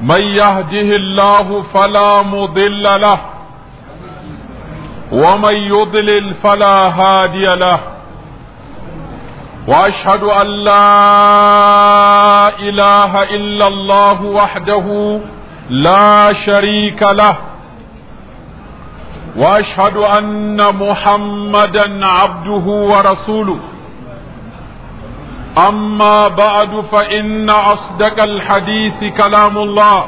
من يهده الله فلا مضل له ومن يضلل فلا هادي له واشهد ان لا اله الا الله وحده لا شريك له واشهد ان محمدا عبده ورسوله أما بعد فإن أصدق الحديث كلام الله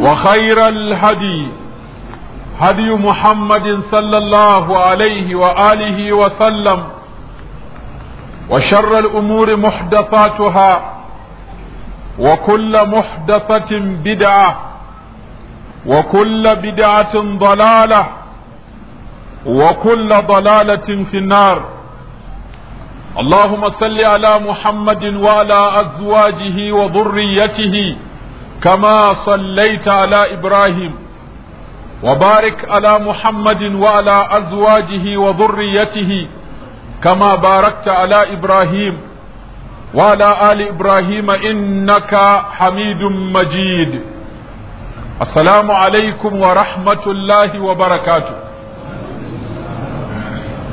وخير الهدي هدي محمد صلى الله عليه وآله وسلم وشر الأمور محدثاتها وكل محدثة بدعة وكل بدعة ضلالة وكل ضلالة في النار اللهم صل على محمد وعلى أزواجه وذريته كما صليت على إبراهيم وبارك على محمد وعلى أزواجه وذريته كما باركت على إبراهيم وعلى آل إبراهيم إنك حميد مجيد السلام عليكم ورحمة الله وبركاته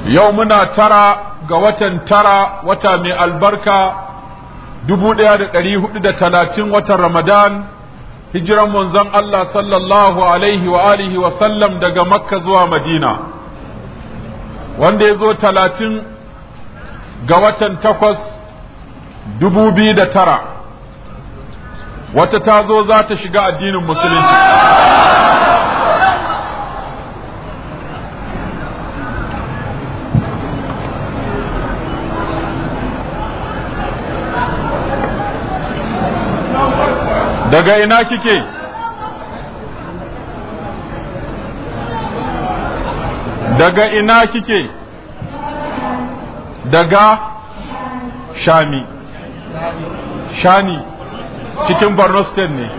يومنا ترى ga watan tara wata mai albarka dubu ɗaya da ɗari hudu da talatin watan ramadan hijiran manzon Allah sallallahu alaihi wa alihi wa sallam daga makka zuwa madina wanda ya zo talatin ga watan takwas dubu biyu da tara wata ta zo za ta shiga addinin musulunci daga ina kike daga ina kike daga shami shani cikin borno state ne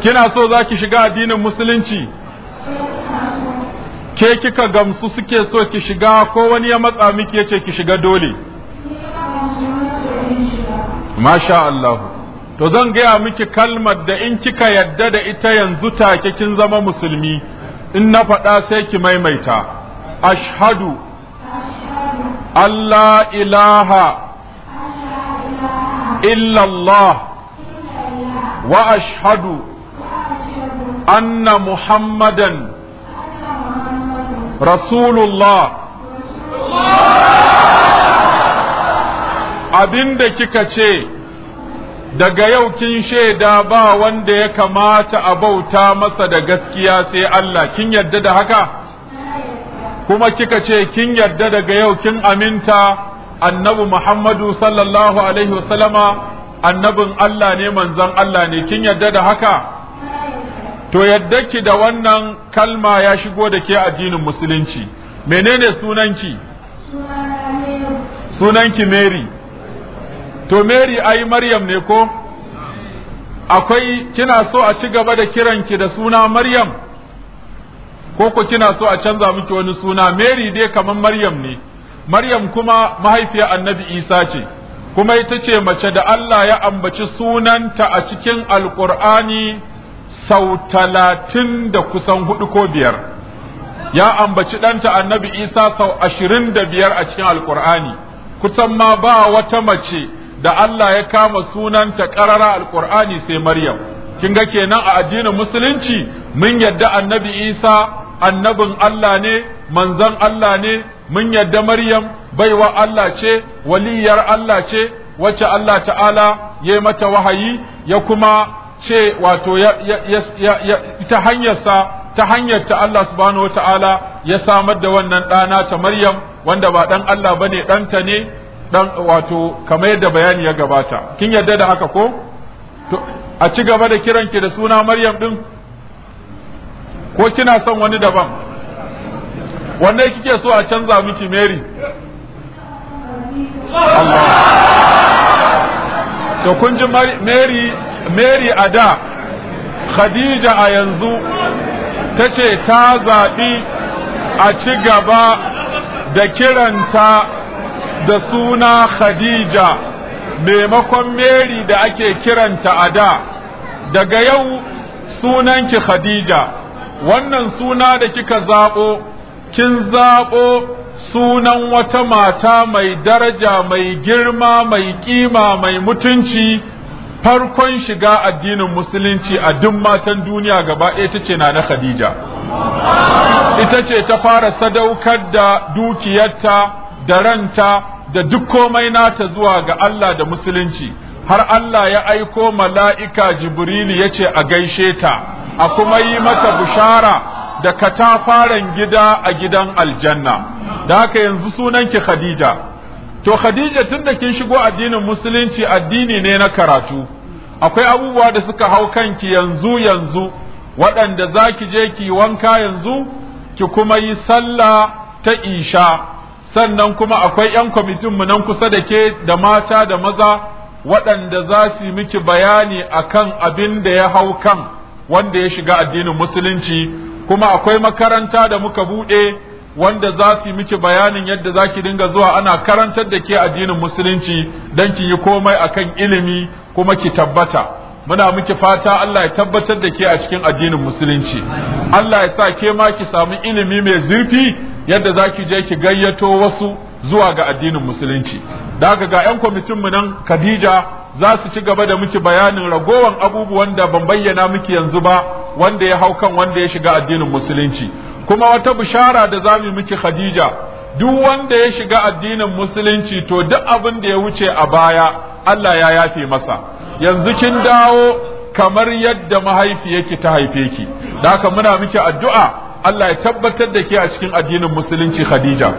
kina so za ki shiga addinin musulunci ke kika gamsu suke so ki shiga ko wani ya matsa miki ce ki shiga dole masha Allah to zan gaya miki kalmar da in kika yadda da ita yanzu take kin zama musulmi in na faɗa sai ki maimaita ashhadu Allah ilaha illallah wa ashhadu anna muhammadan rasulullah abinda kika ce daga yau kin shaida ba wanda ya kamata a bauta masa da gaskiya sai Allah kin yarda da haka kuma kika ce kin yarda daga yau kin aminta annabi Muhammadu sallallahu alaihi wasallama annabin Allah ne manzon Allah ne kin yarda da haka to yadda ki da wannan kalma ya shigo da ke addinin musulunci menene sunanki sunanki Mary to Mary ai Maryam ne ko akwai kina so a ci gaba da kiranki da suna Maryam ko ko kina so a canza miki wani suna Mary dai kamar Maryam ne Maryam kuma mahaifiyar Annabi Isa ce kuma ita ce mace da Allah ya ambaci sunanta a cikin Alƙur'ani sau talatin da kusan hudu ko biyar ya ambaci ɗanta Annabi Isa sau ashirin da biyar a cikin alkur'ani kusan ma ba wata mace da Allah ya kama sunanta ƙarara alƙur'ani sai Maryam. Kin ga kenan a addinin Musulunci mun yadda annabi Isa annabin Allah ne, manzon Allah ne, mun yadda Maryam baiwa Allah ce, waliyar Allah ce, wacce Allah ta'ala ya mata wahayi ya kuma ce wato ta hanyarsa ta hanyar ta Allah subhanahu wa ya samar da wannan ɗana ta Maryam wanda ba ɗan Allah ba ne ɗanta ne dan wato kamar yadda bayani ya gabata kin yadda da haka ko to a ci gaba da kiranki da suna Maryam din ko kina son wani daban wanne kike so a canza miki Mary to kun ji Mary Mary a da Khadija a yanzu tace ta zaɓi a ci gaba da kiranta da suna Khadija maimakon Mary da ake kiranta a da daga yau sunanki Khadija wannan suna da kika zaɓo kin zaɓo sunan wata mata mai daraja mai girma mai kima mai mutunci farkon shiga addinin musulunci a duk matan duniya gaba ɗaya tace ce na na Khadija ita ce ta fara sadaukar da dukiyarta da ranta da duk komai nata zuwa ga Allah da musulunci har Allah ya aiko mala'ika Jibrilu ya ce a gaishe ta a kuma yi mata bushara da katafaren gida a gidan aljanna da haka yanzu sunan ki Khadija to Khadija tun da kin shigo addinin musulunci addini ne na karatu akwai abubuwa da suka hau kanki yanzu yanzu waɗanda za ki je ki wanka yanzu ki kuma yi sallah ta isha sannan kuma akwai 'yan kwamitinmu nan kusa da ke da mata da maza waɗanda za su miki bayani akan abin da ya hau kan wanda ya shiga addinin musulunci kuma akwai makaranta da muka buɗe wanda za su miki bayanin yadda za ki dinga zuwa ana karantar da ke addinin musulunci don ki yi komai akan ilimi kuma ki tabbata muna miki fata Allah ya tabbatar da ke a cikin addinin musulunci Allah ya sa ke ma ki samu ilimi mai zurfi yadda za ki je ki gayyato wasu zuwa ga addinin musulunci daga ga 'yan mu nan Khadija za su ci gaba da miki bayanin ragowan abubuwan da ban bayyana miki yanzu ba wanda ya hau kan wanda ya shiga addinin musulunci kuma wata bishara da za mu miki Khadija duk wanda ya shiga addinin musulunci to duk abin da ya wuce a baya Allah ya yafe masa yanzu kin dawo kamar yadda mahaifiyarki ta haife ki da haka muna miki addu'a Allah ya tabbatar da ke a cikin addinin musulunci Khadija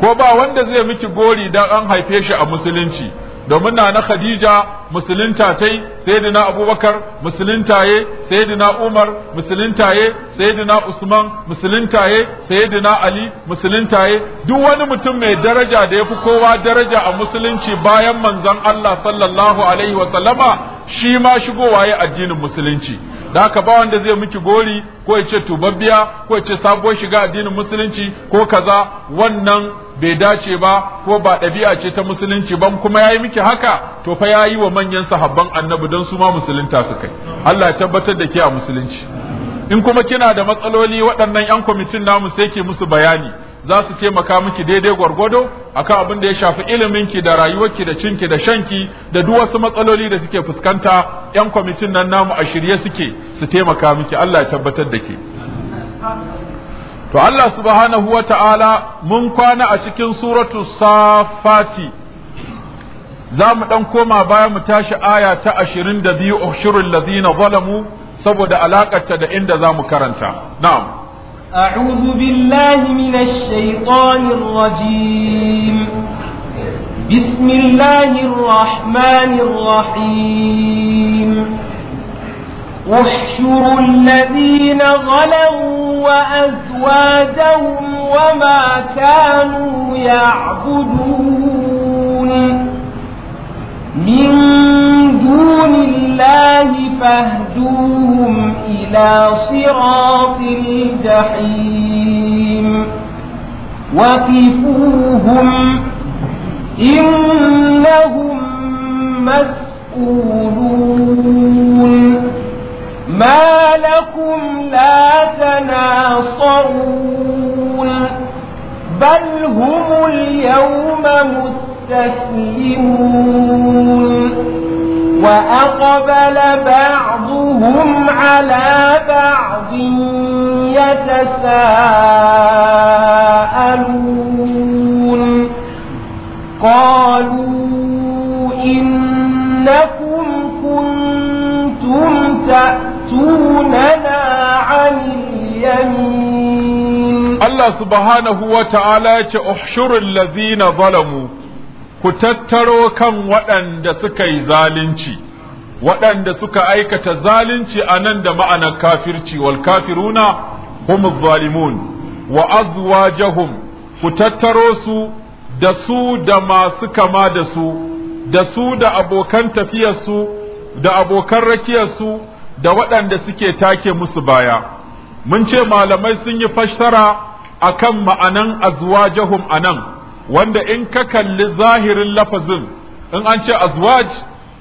ko ba wanda zai miki gori dan an haife shi a musulunci domin na na Khadija musulunta tai sayyidina abubakar ye sayyidina umar ye sayyidina usman ye sayyidina ali ye duk wani mutum mai daraja da yafi kowa daraja a musulunci bayan manzon Allah sallallahu alaihi wa sallama shi ma shigowa ya addinin musulunci da haka ba wanda zai miki gori ko ya ce tubabbiya ko ya ce sabuwar shiga addinin musulunci ko kaza wannan bai dace ba ko ba ɗabi'a ce ta musulunci ban kuma ya yi miki haka to fa ya yi wa manyan sahabban annabi don su ma musulunta su kai Allah ya tabbatar da ke a musulunci in kuma kina da matsaloli waɗannan 'yan kwamitin namu sai ke musu bayani za su taimaka miki daidai gwargwado akan abin da ya shafi iliminki da rayuwarki da cinki da shanki da duk wasu matsaloli da suke fuskanta 'yan kwamitin nan namu a shirye suke su taimaka miki Allah ya tabbatar da ke to Allah subhanahu wa ta'ala mun kwana a cikin suratu safati za mu ɗan koma baya mu tashi aya ta ashirin da biyu ushirul ladina zalamu saboda alaƙarta da inda za mu karanta na'am أعوذ بالله من الشيطان الرجيم بسم الله الرحمن الرحيم احشروا الذين ظلموا وأزواجهم وما كانوا يعبدون من دون الله فاهدوهم إلى صراط الجحيم وقفوهم إنهم مسؤولون ما لكم لا تناصرون بل هم اليوم مسؤولون يستسلمون وأقبل بعضهم على بعض يتساءلون قالوا إنكم كنتم تأتوننا عن اليمين الله سبحانه وتعالى احشر الذين ظلموا ku tattaro kan waɗanda suka yi zalunci waɗanda suka aikata zalunci a nan da ma'anar kafirci wal kafiruna hum zalimun wa azwajahum ku tattaro su da su da masu kama da su da su da abokan tafiyarsu da abokan rakiyarsu da waɗanda suke take musu baya mun ce malamai sun yi fassara akan ma'anan azwajahum anan wanda in ka kalli zahirin lafazin in an ce azwaj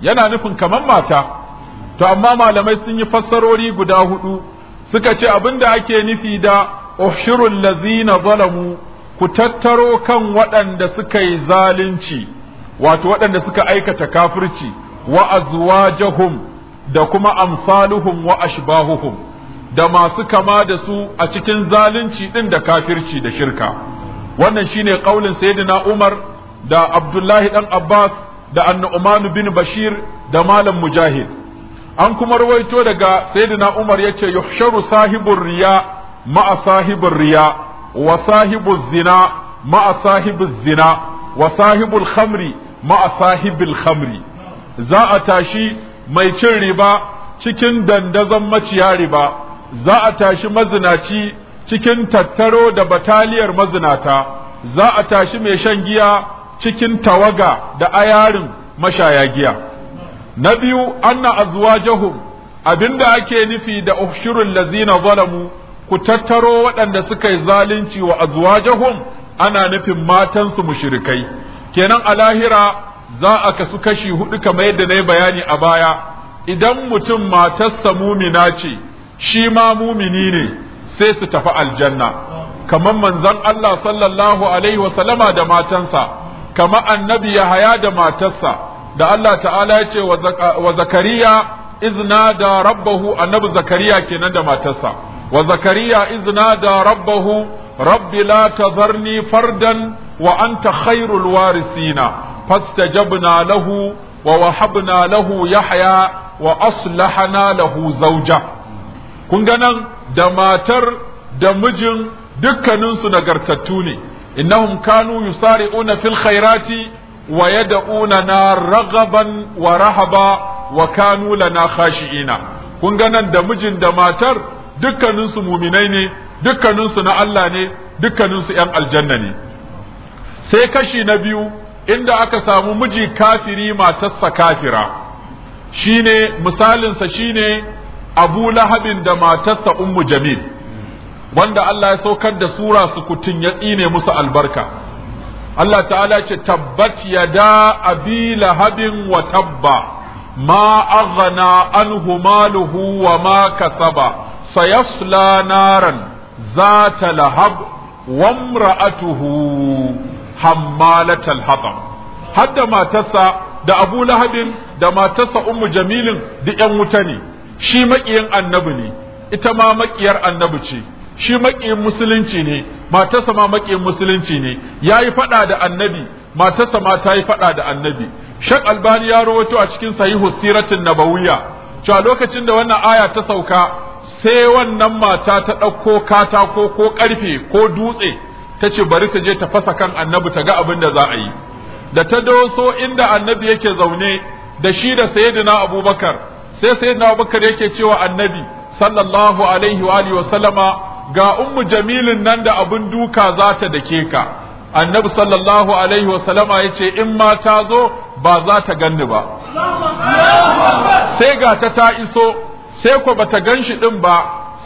yana nufin kamar mata to amma malamai sun yi fassarori guda hudu suka ce abinda ake nufi da ushurul lazina zalamu ku tattaro kan waɗanda suka yi zalunci wato waɗanda suka aikata kafirci wa azwajahum da kuma amsaluhum wa ashbahuhum da masu kama da su a cikin zalunci din da kafirci da shirka wannan shine kaulin sayyidina Umar da Abdullahi dan Abbas da Annu'man bin Bashir da Malam Mujahid an kuma rawaito daga sayyidina Umar yace yuhsharu sahibur riya ma'a sahibur riya wa sahibuz zina ma'a sahibuz zina wa sahibul khamri ma'a sahibil khamri za a tashi mai cin riba cikin dandazon maciya riba za a tashi mazinaci cikin tattaro da bataliyar mazinata za a tashi mai shan giya cikin tawaga da ayarin mashaya giya na biyu anna azwajahum abinda ake nufi da uhshurul lazina zalamu ku tattaro waɗanda suka yi zalunci wa azwajahum ana nufin matansu mushrikai kenan a lahira za a kasu kashi hudu kamar yadda na yi bayani a baya idan mutum matarsa mumina ce shi ma mumini ne sai su tafi aljanna kamar manzon Allah sallallahu alaihi wasallama da matansa kama annabi Yahaya da matarsa da Allah ta'ala ya ce wa zakariya izna da rabbahu annabi zakariya kenan da matarsa wa zakariya izna da rabbahu rabbi la tazarni fardan wa anta khairul warisina fastajabna lahu wa wahabna lahu yahya wa aslahana lahu zawja kun ga nan da matar da mijin dukkaninsu nagartattu ne innahum kanu yusari'una fil khairati wa na ragaban wa rahaba wa kanu lana khashi'ina kun ga nan da mijin da matar dukkaninsu muminai ne dukkaninsu na Allah ne dukkaninsu ‘yan aljanna ne sai kashi na biyu inda aka samu miji kafiri matarsa kafira shine misalinsa shine abu lahabin da matarsa ummu jamil wanda Allah ya saukar da sura su ya tsine musu albarka Allah ta'ala ce tabbat da abi lahabin wa tabba ma aghna anhu maluhu wa ma kasaba sayasla naran zata lahab wa imra'atuhu hammalatal hatab hadda matarsa da abu lahabin da matarsa ummu jamilin duk yan wuta ne shi maƙiyin annabi ne ita ma maƙiyar annabi ce shi maƙiyin musulunci ne matarsa ma maƙiyin musulunci ne ya yi faɗa da annabi matarsa ma ta yi faɗa da annabi shak albani ya rawaito a cikin sahihu siratin nabawiyya cewa lokacin da wannan aya ta sauka sai wannan mata ta ɗauko katako ko ƙarfe ko dutse ta ce bari ta je ta fasa kan annabi ta ga abin da za a yi da ta doso inda annabi yake zaune da shi da sayyidina abubakar sai na Abubakar yake cewa annabi sallallahu alaihi wa alihi wa sallama ga ummu jamilin nan da abin duka za ta dake ka annabi sallallahu alaihi wa sallama yace in ma ta zo ba za ta ganni ba sai ga ta ta iso sai ko bata gan shi din ba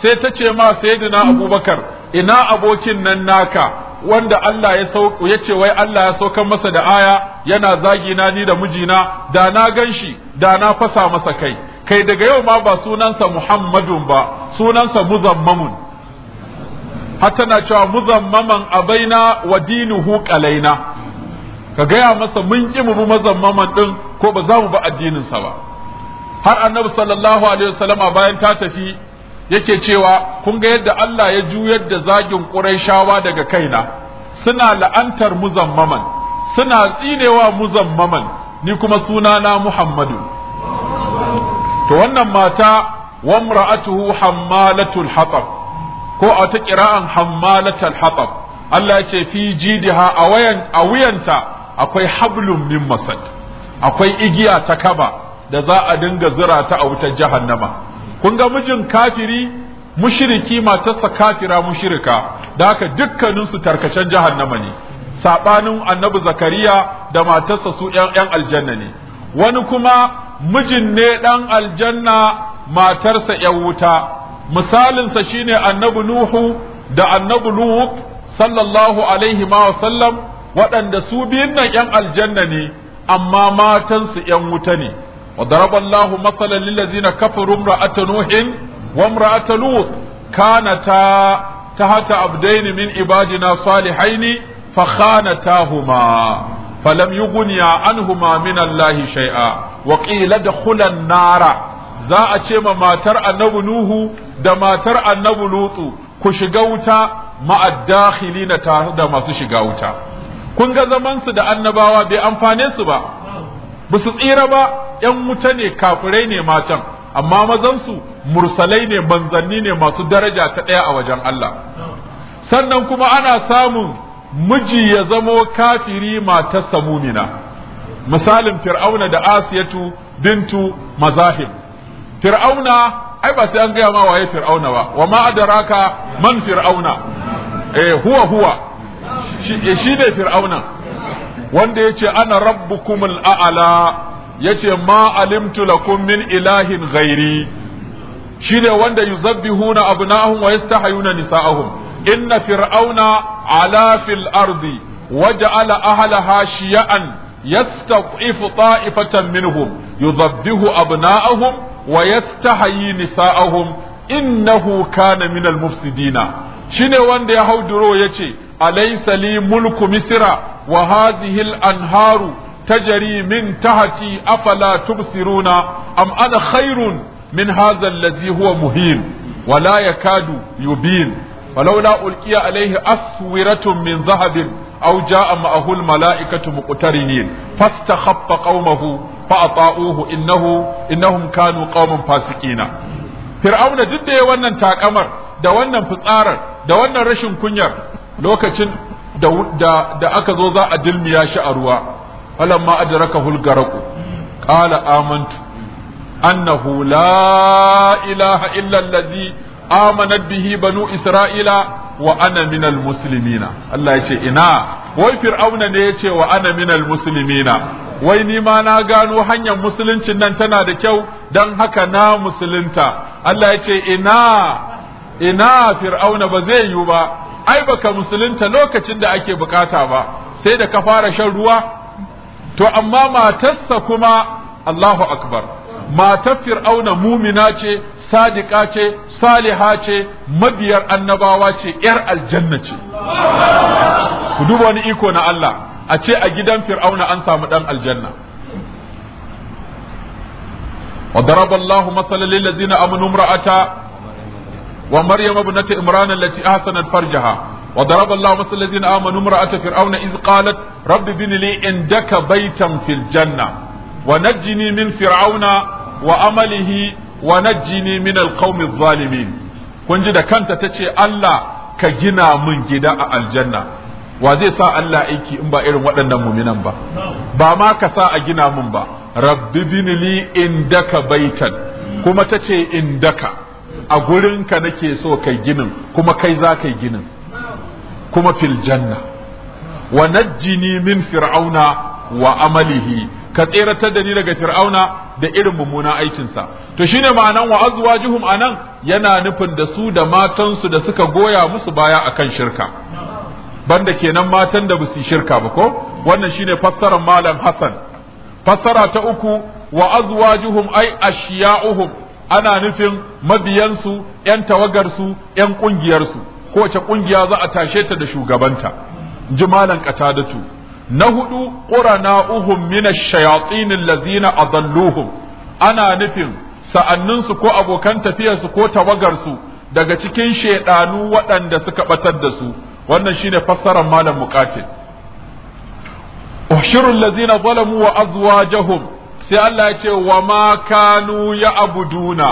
sai ta ce ma sayyidina Abubakar ina abokin nan naka wanda Allah ya sauko ya ce wai Allah ya saukan masa da aya yana zagina ni da mijina da na gan shi da na fasa masa kai kai daga yau ma ba sunansa muhammadun ba sunansa muzammamun hatta tana cewa muzammaman abaina wa dinuhu kalaina ka gaya masa mun ki mu bi din ko ba za mu ba addininsa ba har annabi sallallahu alaihi wasallama bayan ta tafi yake cewa kun ga yadda Allah ya juyar da zagin Qurayshawa daga kaina suna la'antar muzammaman suna tsinewa muzammaman ni kuma sunana Muhammadu to wannan mata wa hammalatul hatab ko a ta kira'an hammalatul hatab Allah ya ce fi jidiha a wayan a wuyanta akwai hablum min masad akwai igiya ta kaba da za a dinga zira ta a wutar jahannama kun ga mijin kafiri mushriki matarsa kafira mushrika da haka dukkaninsu tarkacen jahannama ne sabanin annabi zakariya da matarsa su yan aljanna ne wani kuma mijin ne ɗan aljanna matarsa ‘yan wuta misalinsa shine annabi nuhu da annabi lut sallallahu alaihi wa sallam waɗanda su biyun nan ‘yan aljanna ne amma matansu ‘yan wuta ne وضرب الله مثلا للذين كفروا امرأة نوح وامرأة لوط كانتا تحت عبدين من عبادنا صالحين فخانتاهما فلم يغنيا عنهما من الله شيئا wa da dakhulan nara za a ce ma matar annabi nuhu da matar annabi lutu ku shiga wuta na tare da masu shiga wuta kun ga zaman su da annabawa bai amfane su ba ba su tsira ba yan wuta ne kafirai ne matan amma mazan su mursalai ne manzanni ne masu daraja ta ɗaya a wajen Allah sannan kuma ana samun miji ya zamo kafiri matarsa mumina misalin fir'auna da asiyatu bintu mazahim fir'auna ai ba sai an gaya ma waye fir'auna ba wa ma adraka man fir'auna eh huwa huwa shi eh, ne fir'auna wanda yace ana rabbukumul a'la yace ma alimtu lakum min ilahin ghairi shi ne wanda yuzabbihuna abna'ahum wa yastahayuna nisa'ahum inna fir'auna ala fil ardi waja'ala ahlaha shiya'an yastaqifu ta'ifatan minhum yudabbihu abna'ahum wa yastahyi nisa'ahum innahu kana minal mufsidina shine wanda ya hauduro yace alaysa li mulku misra wa hadhihi al-anharu tajri min tahti afala tubsiruna am ana khairun min hadha allazi huwa muhin wa la yakadu yubin ولولا ألقي alaihi aswiratun min zahabin. aw jaa ma'ahu almala'ikatu muqtarinin fastakhaffa qaumahu fa ata'uhu innahu innahum kanu qauman fasiqina fir'auna duk da wannan takamar da wannan fitsarar da wannan rashin kunyar lokacin da aka zo za a dilmiya shi a ruwa falamma adrakahu algaraku qala amantu annahu la ilaha illa allazi bihi banu isra'ila wa ana minal muslimina Allah ya ce ina wai fir'auna ne ya ce wa ana minal muslimina wai ni ma na gano hanyar musuluncin nan tana da kyau don haka na musulunta Allah ya ce ina ina fir'auna ba zai yiwu ba ai baka musulunta lokacin da ake bukata ba sai da ka fara shan ruwa to amma matarsa kuma Allahu akbar matar fir'auna mumina ce sadiƙa ce saliha ce mabiyar annabawa ce yar aljanna ce ku duba wani iko na Allah a ce a gidan fir'auna an samu dan aljanna wa daraba Allahu masalan lil ladina wa maryama ibnat imran allati ahsanat farjaha wa daraba Allahu masalan lil ladina amanu fir'auna iz qalat rabbi bini li indaka baytan fil janna wa najjini min fir'auna wa amalihi wa najjini min alqawmi zalimin kun ji da kanta tace Allah ka gina mun gida a aljanna wa zai sa Allah aiki in ba irin waɗannan muminan ba ba ma ka sa a gina mun ba rabbi binili indaka baitan kuma tace indaka a gurin ka nake so kai ginin kuma kai za kai ginin kuma fil janna wa najjini min fir'auna wa amalihi ka tseratar da ni daga fir'auna da irin mummunan aikinsa to shine ma'anan wa azwajuhum anan yana nufin da su da matansu da suka goya musu baya akan shirka banda kenan matan da basu shirka ba ko wannan shine fassarar malam hasan fassara ta uku wa azwajuhum ay ashiya'uhum ana nufin mabiyansu yan tawagarsu yan kungiyarsu kowace kungiya za a tashe ta da shugabanta ji malam qatadatu na hudu ƙurana'uhum mina ash lazina a adalluhum ana nufin sa'anninsu ko abokan tafiyarsu ko tawagarsu daga cikin shaidanu waɗanda suka ɓatar da su wannan shine fassarar malam muqatil ushirul lazina zalamu wa azwajahum sai Allah ya ce wa ma kanu ya abuduna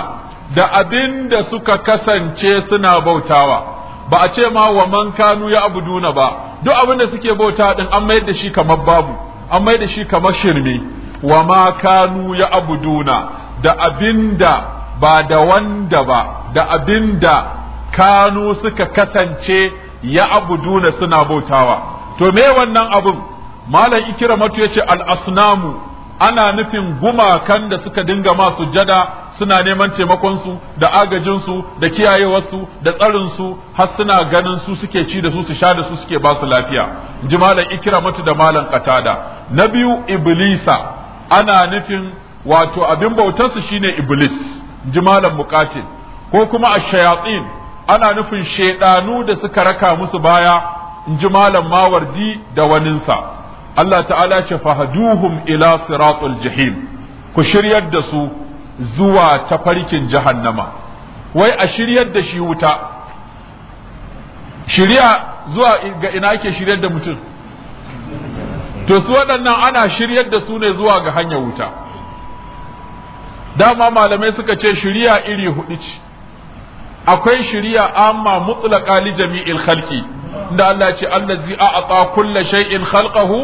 da abinda suka kasance suna bautawa ba a ce ma wa man kanu ya abuduna ba duk abin da suke bauta din an mayar da shi kamar babu an mayar da shi kamar shirme wa ma kanu ya abuduna da abinda ba da wanda ba da abinda kanu suka kasance ya abuduna suna bautawa to me wannan abun malam ikira matu yace al asnamu ana nufin gumakan da suka dinga masu jada. suna neman taimakonsu da agajin su, da kiyayewarsu da tsarinsu har suna ganin su suke ci da su su sha da su suke ba su lafiya in ji malam mutu da malam Katada. na biyu iblisa ana nufin wato abin bautarsu shine iblis in ji malam muqatil ko kuma ash-shayatin ana nufin shaidanu da suka raka musu baya ji malam mawardi da waninsa Allah ta'ala ce fahaduhum ila siratul jahim ku shiryar da su zuwa tafarkin jahannama wai a shiryar da shi wuta shirya zuwa ga ina ake shiryar da mutum to su waɗannan ana shiryar da su ne zuwa ga hanyar wuta dama malamai suka ce shirya iri hudu ce akwai shirya amma mutlaqa li jami'il khalqi inda Allah ya ce allazi a'ata kulli shay'in khalqahu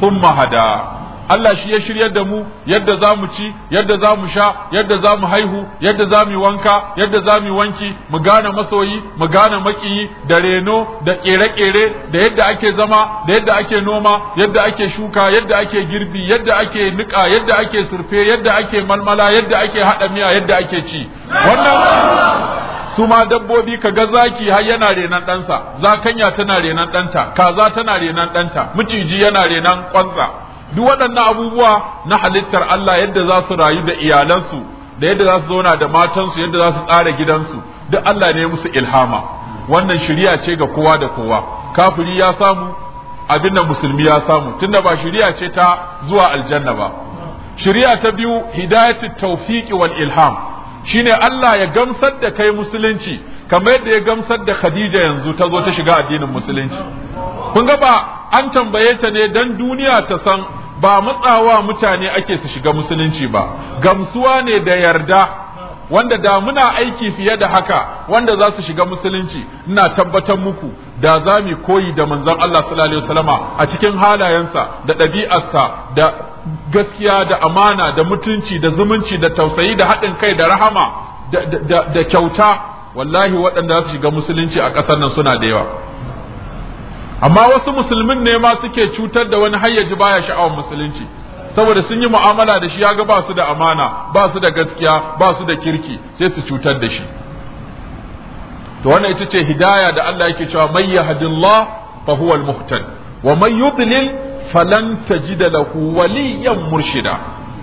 thumma hada Allah shi ya shiryar da mu yadda za mu ci yadda za mu sha yadda za mu haihu yadda za mu wanka yadda za mu wanki mu gane masoyi mu gane makiyi da reno da kere-kere da yadda ake zama da yadda ake noma yadda ake shuka yadda ake girbi yadda ake niƙa yadda ake surfe yadda ake malmala yadda ake haɗa miya yadda ake ci wannan su ma dabbobi ka ga zaki har yana renan ɗansa zakanya tana renan ɗanta kaza tana renan ɗanta miciji yana renan ƙwansa duk waɗannan abubuwa na halittar Allah yadda za su rayu da iyalansu da yadda za su zauna da matansu yadda za su tsara gidansu duk Allah ne musu ilhama wannan shiri'a ce ga kowa da kowa kafiri ya samu abin da musulmi ya samu tunda ba shiri'a ce ta zuwa aljanna ba Shiri'a ta biyu hidayatu tawfiqi wal ilham shine Allah ya gamsar da kai musulunci kamar yadda ya gamsar da Khadija yanzu ta zo ta shiga addinin musulunci kun ga ba an tambaye ta ne dan duniya ta san ba matsawa mutane ake su shiga musulunci ba gamsuwa ne da yarda wanda da muna aiki fiye da haka wanda za su shiga musulunci ina tabbatar muku da za mu koyi da manzon Allah sallallahu alaihi wasallama a cikin halayensa da ɗabi'arsa da gaskiya da amana da mutunci da zumunci da tausayi da haɗin kai da rahama da kyauta wallahi waɗanda su shiga musulunci a ƙasar nan suna da yawa amma wasu musulmin ne ma suke cutar da wani hayyaji baya sha'awar musulunci saboda sun yi mu'amala da shi ya ga ba su da amana ba su da gaskiya ba su da kirki sai su cutar da shi to wannan ita ce hidaya da Allah yake cewa may yahdillah fa huwa al-muhtad wa man yudlil falan tajida lahu waliyan murshida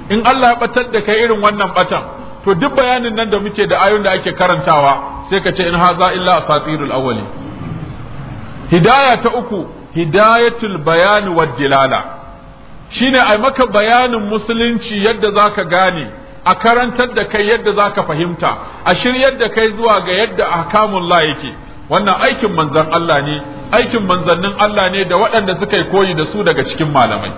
in Allah ya batar da kai irin wannan batan to duk bayanin nan da muke da ayoyin da ake karantawa sai ka ce in haza illa asatirul awwali hidaya ta uku hidayatul bayani wa dilala shine ai maka bayanin musulunci yadda zaka gane a karantar da kai yadda zaka fahimta a shiryar da kai zuwa ga yadda la yake wannan aikin manzan Allah ne aikin manzannin Allah ne da waɗanda suka yi koyi da su daga cikin malamai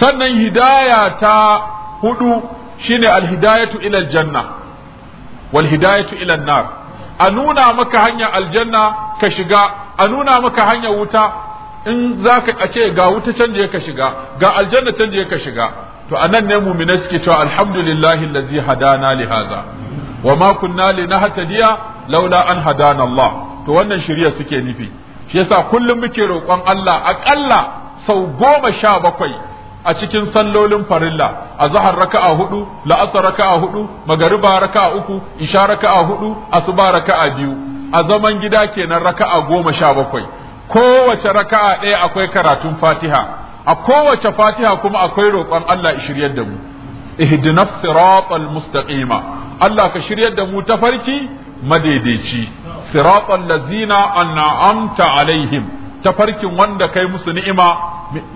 sannan hidaya ta hudu shine alhidayatu ila aljanna wal hidayatu ila nar a nuna maka hanya aljanna ka shiga a nuna maka hanya wuta in zaka a ce ga wuta can je ka shiga ga aljanna can je ka shiga to anan ne mu'mina suke cewa alhamdulillahi allazi hadana li hadha wa ma kunna linahtadiya laula an hadana Allah to wannan shirya suke nufi shi yasa kullum muke roƙon Allah aƙalla sau goma sha bakwai a cikin sallolin farilla a zahar raka'a hudu la'asar raka'a hudu magariba raka'a uku isha raka'a hudu asuba raka'a biyu a zaman gida kenan raka'a goma sha bakwai kowace raka'a ɗaya akwai karatun fatiha a kowace fatiha kuma akwai roƙon Allah shiryar da mu ihdina siratal mustaqima Allah ka shiryar da mu ta farki madaidaici siratal lazina an'amta alaihim Ta farkin wanda kai musu ni'ima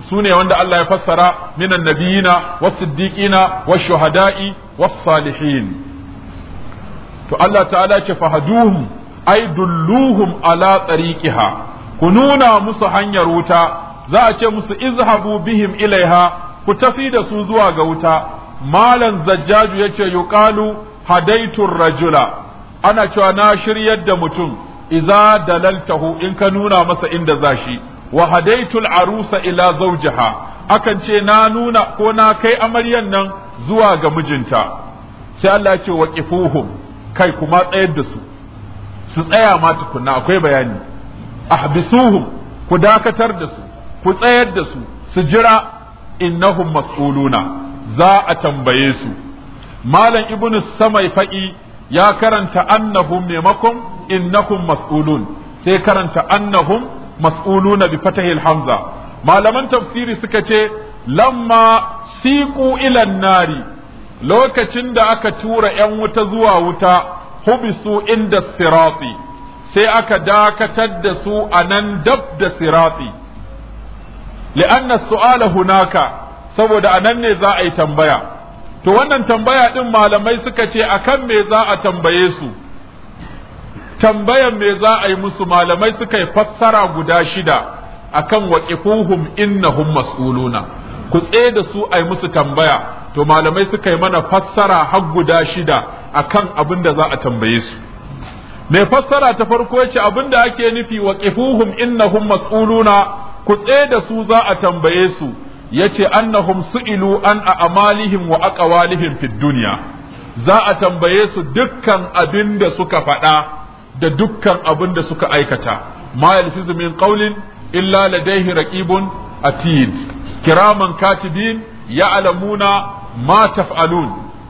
su ne wanda Allah ya fassara minan nabiyina was-siddiqina wash-shuhada'i wa salihin to Allah ta'ala ce fahaduhum ay dulluhum ala tariqiha ku nuna musu hanyar wuta za a ce musu izhabu bihim ilaiha ku tafi da su zuwa ga wuta malan zajjaju yace yuqalu hadaitur rajula ana cewa na shiryar da mutum idza dalaltahu in ka nuna masa inda zashi wa hadaitul arusa ila zawjiha akan ce na nuna ko na kai amaryan nan zuwa ga mijinta sai Allah ya ce wa qifuhum kai kuma tsayar da su su tsaya ma tukunna akwai bayani ahbisuhum ku dakatar da su ku tsayar da su su jira innahum mas'uluna za a tambaye su malam ibnu samai fa'i ya karanta annahum maimakon innahum mas'ulun sai karanta annahum mas'uluna bi fatahil hamza malaman tafsiri suka ce lamma siqu ila nari lokacin da aka tura yan wuta zuwa wuta hubisu inda sirati sai aka dakatar da su a nan dab da sirati li'anna su'ala hunaka saboda a nan ne za a yi tambaya to wannan tambaya ɗin malamai suka ce akan me za a tambaye su tambayan me za a yi musu malamai suka yi fassara guda shida akan waqifuhum innahum mas'uluna ku tsaye da su a yi musu tambaya to malamai suka yi mana fassara har guda shida akan abin da za a tambaye su mai fassara ta farko yace abin da ake nufi waqifuhum innahum mas'uluna ku tsaye da su za a tambaye su yace annahum su'ilu an a amalihim wa aqwalihim fid dunya za a tambaye su dukkan abin da suka faɗa da dukkan abin da suka aikata ma yalfizu min qawlin illa ladayhi raqibun atid kiraman katibin ya'lamuna ma taf'alun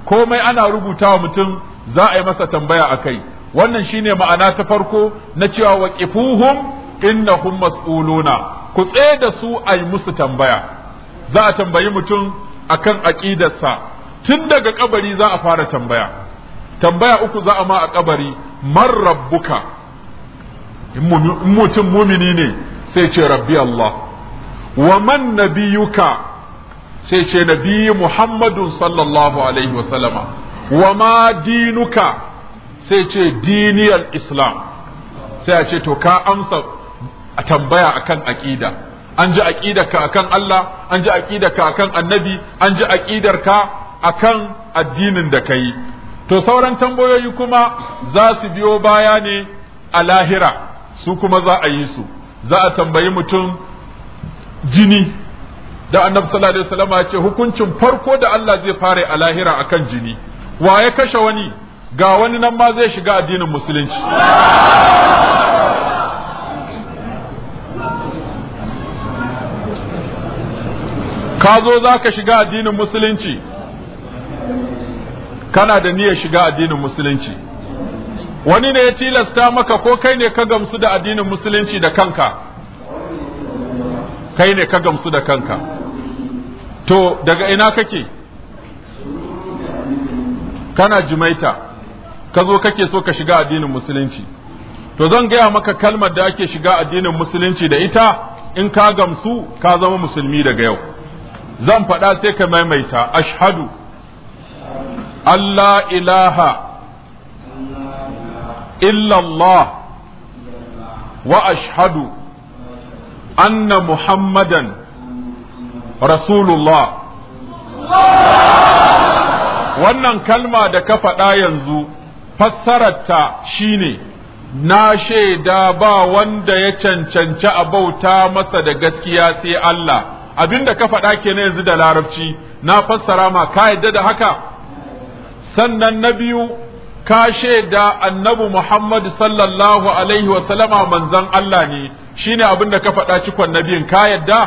komai ana rubutawa mutum za a yi masa tambaya akai wannan shine ma'ana ta farko na cewa waqifuhum innahum mas'uluna ku tsaye da su a yi musu tambaya za a tambayi mutum akan aqidarsa tun daga kabari za a fara tambaya tambaya uku za a ma a kabari man rabbuka in mutum mumini ne sai ce rabbi Allah wa man nabiyuka sai ce nabi Muhammadun sallallahu alaihi wasallama wa ma dinuka sai ce diniyar islam sai a ce to ka amsa a tambaya akan aƙida an ji aƙidarka akan Allah an ji aƙidarka akan annabi an ji aƙidarka akan addinin da ka yi to sauran tambayoyi kuma za su biyo baya ne a lahira su kuma za a yi su za a tambayi mutum jini da annabi sallallahu alaihi wasallam ya ce hukuncin farko da Allah zai fara a lahira akan jini wa ya kashe wani ga wani nan ma zai shiga addinin musulunci ka zo za ka shiga addinin musulunci kana da niyyar shiga addinin musulunci wani ne ya tilasta maka ko kai ne ka gamsu da addinin musulunci da kanka kai ne ka gamsu da kanka to daga ina kake kana jumaita ka zo kake so ka shiga addinin musulunci to zan gaya maka kalmar da ake shiga addinin musulunci da ita in ka gamsu ka zama musulmi daga yau zan faɗa sai ka maimaita ashhadu Allah ilaha illallah wa ashhadu anna muhammadan rasulullah wannan kalma da ka faɗa yanzu fassararta shi ne. na shaida ba wanda ya cancanci a bauta masa da gaskiya sai Allah abinda ka faɗa na yanzu da larabci na fassara ma ka yadda da haka sannan na biyu ka shaida annabi Muhammad sallallahu alaihi wa sallama manzan Allah ne shine abin da ka faɗa cikon nabiyin ka yadda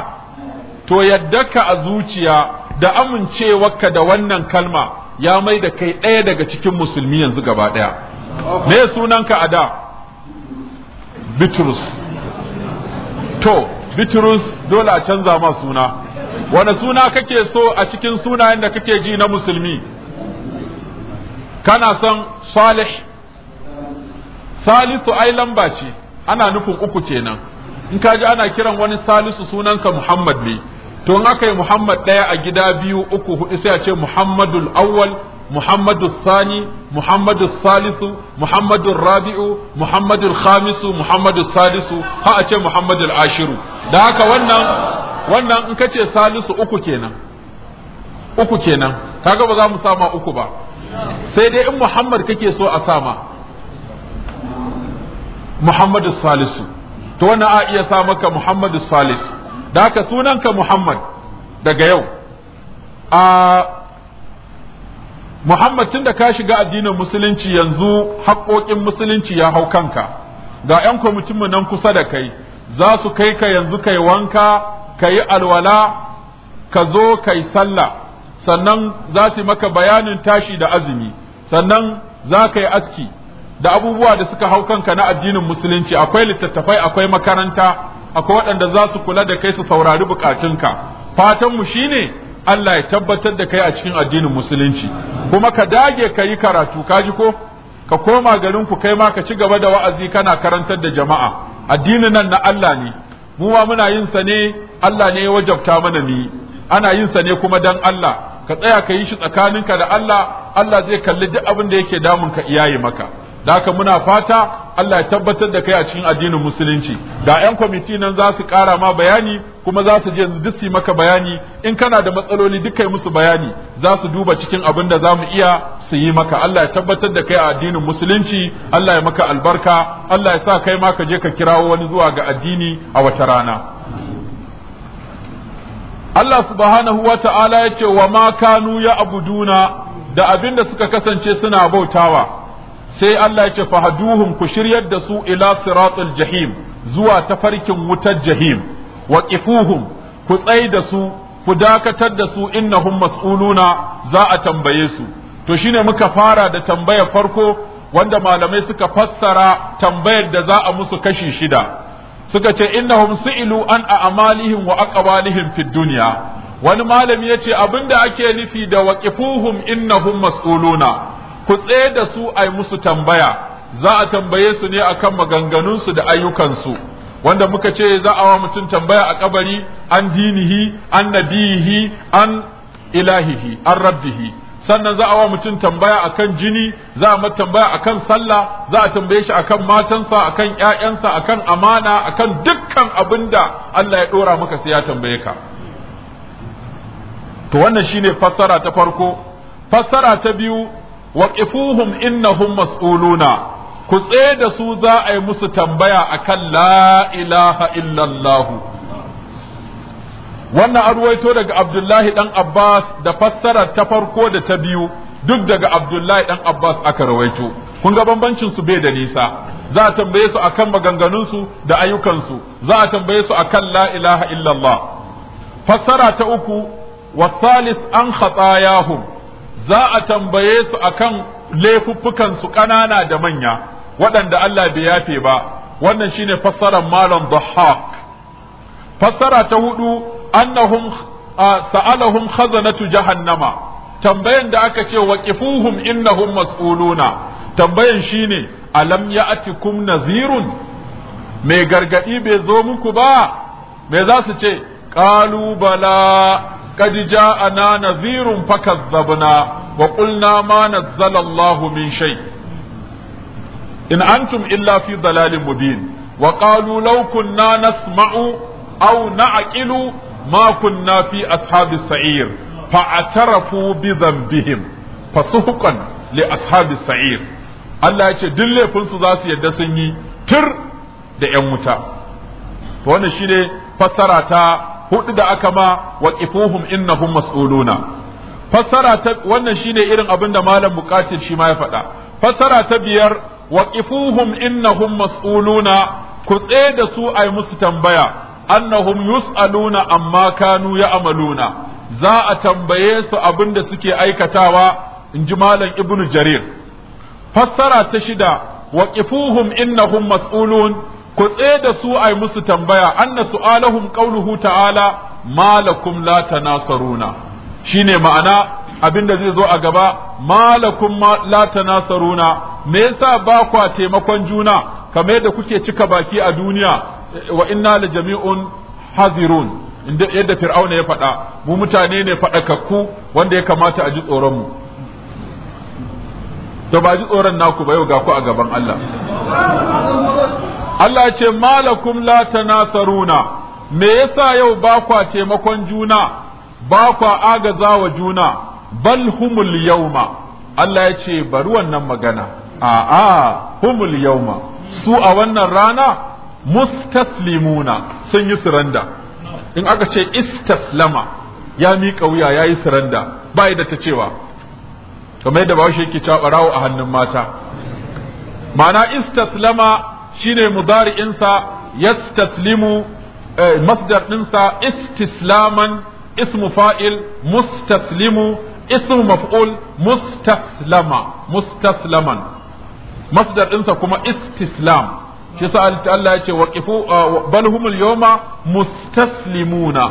to yadda ka a zuciya da amincewarka da wannan kalma ya mai da kai ɗaya daga cikin musulmi yanzu gaba ɗaya me sunanka a da bitrus to bitrus dole a canza ma suna wani suna kake so a cikin sunayen da kake ji na musulmi kana son salih salisu ai lamba ce ana nufin uku kenan in ka ji ana kiran wani salisu sunansa muhammad ne to in aka yi muhammad ɗaya a gida biyu uku hudu sai a ce muhammadul awwal muhammadul sani muhammadul salisu muhammadul rabi'u muhammadul khamisu muhammadul salisu ha a ce muhammadul ashiru da haka wannan wannan in ka ce salisu uku kenan uku kenan kaga ba za mu sama uku ba sai dai in muhammad kake so a sama muhammadu salisu to wani a iya sa maka muhammadu Salisu? da haka sunanka muhammad daga yau a muhammad tun da ka shiga addinin musulunci yanzu haƙoƙin musulunci ya hau kanka ga 'yan kwamitinmu nan kusa da kai za su kai ka yanzu kai wanka ka yi alwala ka zo kai sallah sannan za su maka bayanin tashi da azumi sannan za ka yi aski da abubuwa da suka hau kanka na addinin musulunci akwai littattafai akwai makaranta akwai waɗanda za su kula da kai su saurari bukatunka fatanmu shine Allah ya tabbatar da kai a cikin addinin musulunci kuma ka dage ka yi karatu ka ji ko ka koma garin ku kai ma ka ci gaba da wa'azi kana karantar da jama'a addinin nan na Allah ne mu ma muna yin sa ne Allah ne ya wajabta mana ni ana yin sa ne kuma dan Allah ka tsaya ka yi shi tsakaninka da Allah Allah zai kalli duk abin da yake damun ka iyaye maka da haka muna fata Allah ya tabbatar da kai a cikin addinin musulunci ga 'yan kwamiti nan za su ƙara ma bayani kuma za su je duk su maka bayani in kana da matsaloli duk kai musu bayani za su duba cikin abin da za mu iya su yi maka Allah ya tabbatar da kai a addinin musulunci Allah ya maka albarka Allah ya sa kai ma ka je ka kirawo wani zuwa ga addini a wata rana Allah subhanahu wa ta'ala ya ce wa ma kanu ya abuduna da abin da suka kasance suna bautawa sai Allah ya ce fahaduhum ku shiryar da su ila siratul jahim zuwa tafarkin wutar jahim wa qifuhum ku tsai da su ku dakatar da su innahum mas'uluna za a tambaye su to shine muka fara da tambayar farko wanda malamai suka fassara tambayar da za a musu kashi shida suka ce innahum su'ilu an a'malihim wa aqwalihim fid dunya wani malami yace abinda ake nufi da waqifuhum innahum mas'uluna ku tsaye da su ai musu tambaya za a tambaye su ne akan maganganunsu da ayyukansu wanda muka ce za a wa mutum tambaya a kabari an dinihi an nabiyihi an ilahihi an rabbihi sannan za a wa mutum tambaya akan jini za a tambaya akan sallah za a tambaye shi akan matansa akan ƴaƴansa akan amana akan dukkan abinda. Allah ya dora maka sai ya tambaye ka to wannan shine fassara ta farko fassara ta biyu waqifuhum innahum mas'uluna ku tsaye da su za a yi musu tambaya akan la ilaha illallah wannan an ruwaito daga abdullahi dan abbas da fassara ta farko da ta biyu duk daga abdullahi dan abbas aka rawaito kun ga bambancin su bai da nisa za a tambaye su akan maganganunsu da ayyukansu za a tambaye su akan la ilaha illallah fassara ta uku wasalis an khatayahum za a tambaye su akan laifuffukansu ƙanana da manya waɗanda Allah bai yafe ba wannan shine fassarar malam dhahhak fassara ta hudu annahum sa'alahum khazanatu jahannama tambayan da aka ce waqifuhum innahum mas'uluna tambayan shine alam ya'tikum nazirun mai gargadi bai zo muku ba Mai za su ce qalu bala qad ja'ana nazirun fakazzabna wa qulna ma nazzala Allahu min shay in antum illa fi dalalin mubin وقالوا لو كنا نسمع أو نعقل ma na fi ashabi sa'ir fa atarafu bi dhanbihim fasuhqan li ashabi sa'ir Allah ya ce duk laifin su za su yadda sun yi tir da yan wuta to wannan shine fassara ta hudu da aka ma waqifuhum innahum mas'uluna fassara ta wannan shine irin abin da malam bukatir shi ya faɗa fassara ta biyar waqifuhum innahum mas'uluna ku tsaye da su ai musu tambaya annahum yus'aluna amma kanu ya'maluna za a tambaye su abin da suke aikatawa in ji malam ibnu jarir fassara ta shida qifuhum innahum mas'ulun ku da su ai musu tambaya anna su'aluhum qawluhu ta'ala malakum la tanasaruna shine ma'ana abin da zai zo a gaba malakum la tanasaruna me yasa ba kwa taimakon juna kamar yadda kuke cika baki a duniya wa inna la jami'un hadirun inda yadda fir'auna ya faɗa mu mutane ne faɗakakku wanda ya kamata a ji tsoron mu da ba ji tsoron naku ba yau ga ku a gaban Allah Allah ya ce malakum la tanasaruna me yasa yau ba kwa taimakon juna ba kwa agaza wa juna bal humul yauma Allah ya ce bari wannan magana a humul yauma su a wannan rana mustaslimuna sun yi suranda in aka ce istaslama ya miƙa wuya ya yi suranda ba da ta cewa kamar yadda shi yake cewa barawo a hannun mata ma'ana istaslama shine mudari'insa yastaslimu eh, masdar ɗinsa istislaman ismu fa'il mustaslimu ismu maf'ul mustaslama mustaslaman masdar ɗinsa kuma istislam shi sa Allah ya ce waqifu uh, bal humul yawma mustaslimuna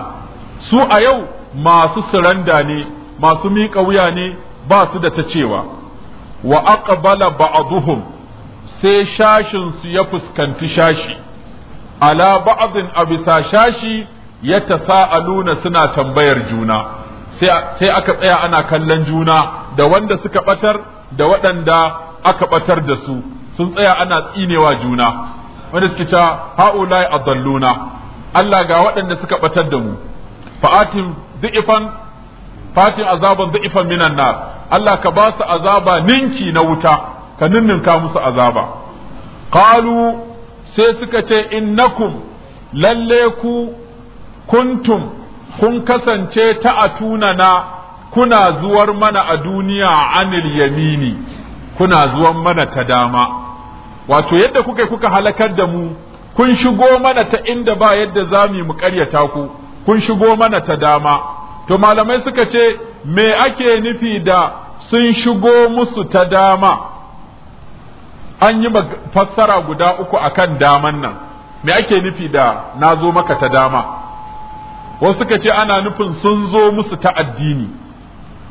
su a yau masu suranda ne masu miƙa wuya ne ba su da ta cewa wa aqbala ba'dhum sai shashin su ya fuskanci shashi ala ba'dhin sashi ya shashi ya tasa'aluna suna tambayar juna sai aka tsaya ana kallon juna da wanda suka batar da waɗanda aka batar da su sun tsaya ana tsinewa juna wanda suke ta ha'ulai adalluna Allah ga waɗanda suka batar da mu fa'atin du'ifan fatin azaban du'ifan minan nar Allah ka ba su azaba ninki na wuta ka ninninka musu azaba qalu sai suka ce innakum lalle ku kuntum kun kasance ta tuna na kuna zuwar mana a duniya anil yamini kuna zuwan mana ta dama wato yadda kuka kuka halakar da mu kun shigo mana ta inda ba yadda za mu karyata ku kun shigo mana ta dama to malamai suka ce me ake nufi da sun shigo musu ta dama an yi fassara guda uku akan daman nan me ake nufi da na zo maka ta dama wasu suka ce ana nufin sun zo musu ta addini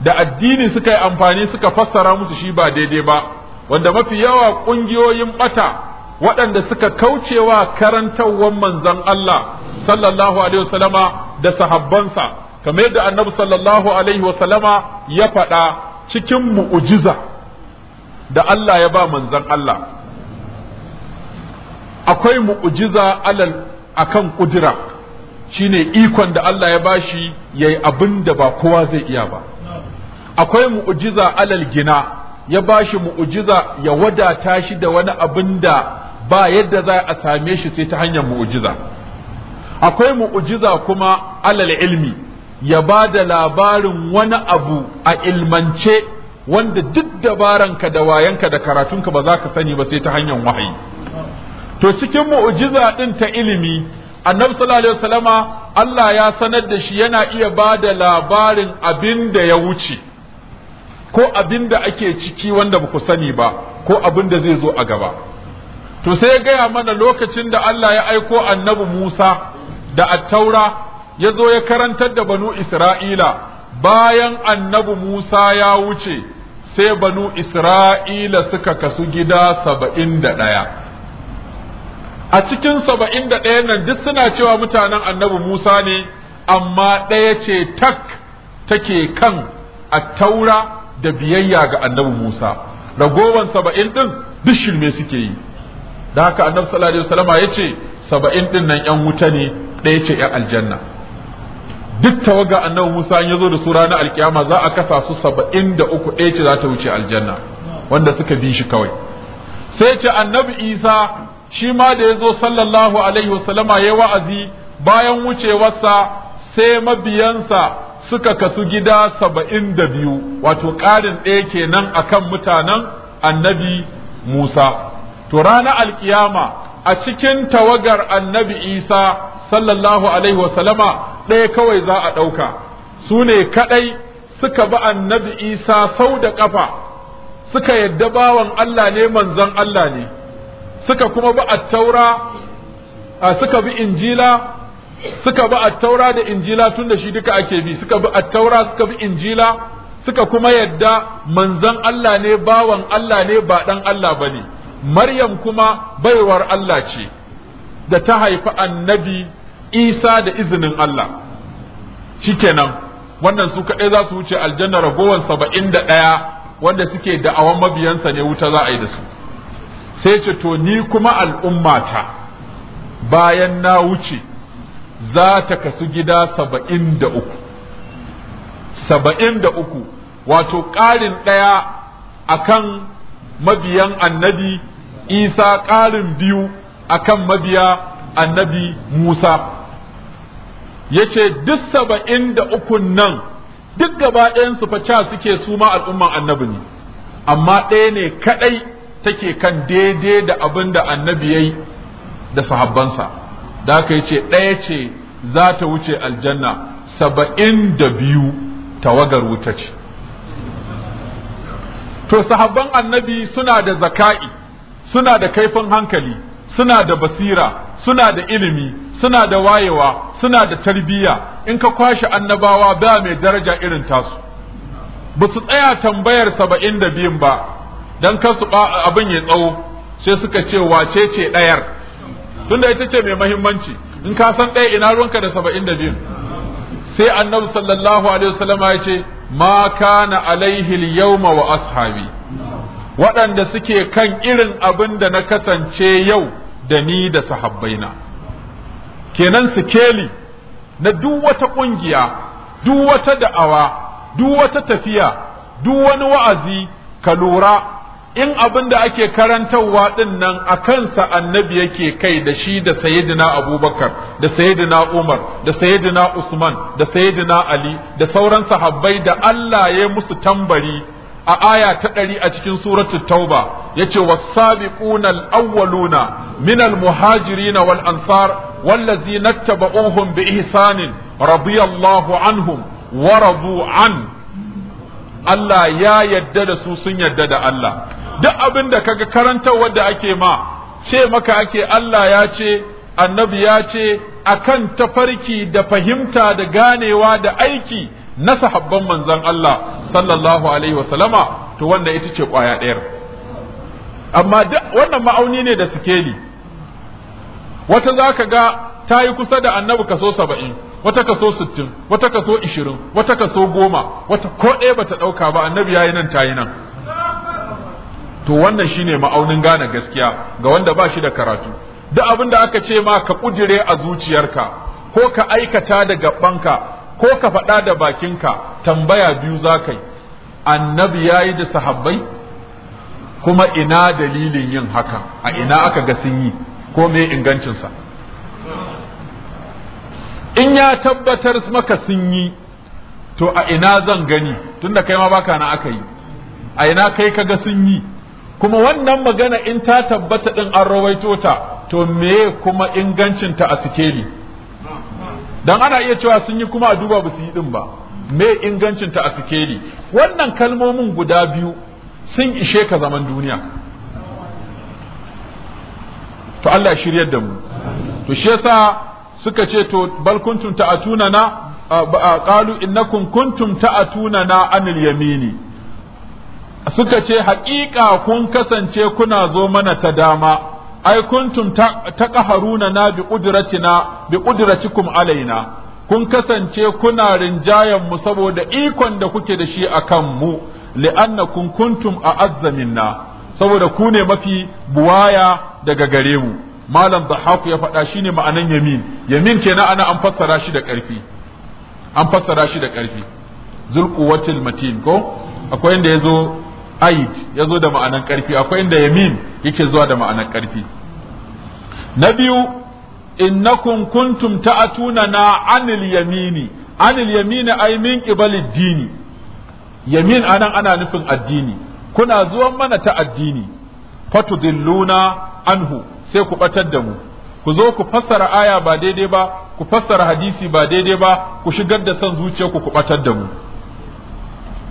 da addini suka yi amfani suka fassara musu shi ba daidai ba wanda mafi yawa ƙungiyoyin ɓata waɗanda suka kaucewa karantarwar manzon Allah sallallahu alaihi wasallama da sahabbansa kamar yadda annabi sallallahu alaihi wasallama ya faɗa cikin mu'ujiza da Allah ya ba manzon Allah akwai mu'ujiza alal akan kudura shine ikon da Allah ya bashi yayi abin da ba kowa zai iya ba akwai mu'ujiza alal gina ya ba shi mu'ujiza ya wadata shi da wani abin da ba yadda za a same shi sai ta hanyar mu'ujiza akwai mu'ujiza kuma alal ilmi ya ba da labarin wani abu a ilmance wanda duk dabaranka da wayanka da karatunka ba za ka sani ba sai ta hanyar wahayi to cikin mu'ujiza din ta ilimi annabi sallallahu alaihi wasallama Allah ya sanar da shi yana iya ba da labarin abin da ya wuce ko abin da ake ciki wanda ba ku sani ba ko abin da zai zo a gaba to sai ya gaya mana lokacin da Allah ya aiko annabi Musa da attaura ya zo ya karantar da banu Isra'ila bayan annabi Musa ya wuce sai banu Isra'ila suka kasu gida saba'in da ɗaya a cikin saba'in da ɗaya nan duk suna cewa mutanen annabi Musa ne amma ɗaya ce tak take kan attaura da biyayya ga annabi Musa ragowan saba'in din duk shirme suke yi da haka annabi sallallahu alaihi wasallama yace saba'in din nan yan wuta ne ɗaya ce yan aljanna duk tawaga annabi Musa ya zo da su na alkiyama za a kasa su saba'in da uku ɗaya ce za ta wuce aljanna wanda suka bi shi kawai sai ce annabi Isa shi ma da ya zo sallallahu alaihi wasallama ya wa'azi bayan wucewarsa sai mabiyansa suka kasu gida saba'in da biyu wato ƙarin ɗaya kenan kan mutanen annabi Musa. To rana alkiyama a cikin tawagar annabi Isa sallallahu alaihi wasallama ɗaya kawai za a ɗauka, su ne kaɗai suka bi annabi Isa sau da ƙafa, suka yadda bawan Allah ne manzon Allah ne, suka kuma bi taura suka bi injila suka bi attaura da injila tun da shi duka ake bi suka bi attaura suka bi injila suka kuma yadda manzon Allah ne bawan Allah ne ba dan Allah bane Maryam kuma baiwar Allah ce da ta haifi annabi Isa da izinin Allah shikenan wannan su kaɗai za su wuce aljanna ragowar saba'in da ɗaya wanda suke da'awan mabiyansa ne wuta za a yi da su sai ce to ni kuma al'ummata bayan na wuce za ta kasu gida saba'in da uku saba'in da uku wato ƙarin ɗaya akan mabiyan annabi isa ƙarin biyu akan mabiya annabi musa ya ce duk saba'in da ukun nan duk gaba ɗayansu fa suke suma al'umman annabi ne amma ɗaya ne kaɗai take kan daidai da abin da annabi ya yi da sahabbansa da aka yi ce ɗaya ce za ta wuce aljanna saba'in da biyu tawagar wuta ce to sahabban annabi suna da zaka'i suna da kaifin hankali suna da basira suna da ilimi suna da wayewa suna da tarbiyya in ka kwashe annabawa ba mai daraja irin tasu ba su tsaya tambayar saba'in da biyun ba don kasu abin ya tsawo sai suka ce wace ce ɗayar tunda ita ce mai mahimmanci in ka san ɗaya ina ruwanka da saba'in da biyu sai annabi sallallahu alaihi wasallam ya ce ma kana alaihi yawma wa ashabi waɗanda suke kan irin abin da na kasance yau da ni da sahabbaina kenan sikeli na duk wata ƙungiya duk wata da'awa duk wata tafiya duk wani wa'azi ka lura in abin da ake karantarwa ɗin nan a kansa annabi yake kai da shi da sayyidina abubakar da sayyidina umar da sayyidina usman da sayyidina ali da sauran sahabbai da allah ya musu tambari a aya ta ɗari a cikin suratul tauba ya ce wasabiquna al min al-muhajirina wal ansar wallazina tabauhum bi ihsanin radiyallahu anhum wa radu an Allah ya yadda da su sun yadda da Allah duk abin da kaga karantar da ake ma ce maka ake Allah ya ce annabi ya ce akan tafarki da fahimta da ganewa da aiki na sahabban manzon Allah sallallahu alaihi wasallama to wannan ita ce kwaya ɗayar amma wannan ma'auni ne da sikeli wata za ka ga ta yi kusa da annabi kaso saba'in wata kaso sittin wata kaso ishirin wata kaso goma wata ko ɗaya bata ɗauka ba annabi ya yi nan ta yi nan to wannan shine ma'aunin gane gaskiya ga wanda ba shi da karatu duk abin da aka ce ma ka kudire a zuciyarka ko ka aikata da gabanka ko ka faɗa da bakinka tambaya biyu za ka yi annabi ya yi da sahabbai kuma ina dalilin yin haka a ina aka ga sun yi ko me ingancinsa in ya tabbatar maka sun yi to a ina zan gani tunda kai ma baka na aka yi a ina kai ka ga sun yi kuma wannan magana in ta tabbata ɗin an rawaito ta to me kuma ingancin ta a sikeli dan ana iya cewa sun yi kuma a duba ba su yi din ba me ingancin ta a sikeli wannan kalmomin guda biyu sun ishe ka zaman duniya to Allah ya shiryar da mu to shi yasa suka ce to bal kuntum ta'atuna na qalu innakum kuntum ta'atuna na anil yamini suka ce haƙiƙa kun kasance kuna zo mana ta dama ai kuntum taqharuna na bi qudratina bi qudratikum alaina kun kasance kuna rinjayen mu saboda ikon da kuke da shi akan mu kun kuntum a'azza minna saboda ku ne mafi buwaya daga gare mu malam dhahaku ya faɗa ne ma'anan yamin yamin kenan ana an fassara shi da ƙarfi an fassara shi da ƙarfi zulquwatil matin ko akwai inda yazo aid ya zo da ma'anar ƙarfi akwai inda yamin yake zuwa da ma'anar ƙarfi na biyu innakum kuntum ta'atuna na anil yamini anil yamini ay min qibalid dini yamin anan ana nufin addini kuna zuwan mana ta addini fatudilluna anhu sai ku batar da mu ku zo ku fassara aya ba daidai ba ku fassara hadisi ba daidai ba ku shigar da son zuciyarku ku ku batar da mu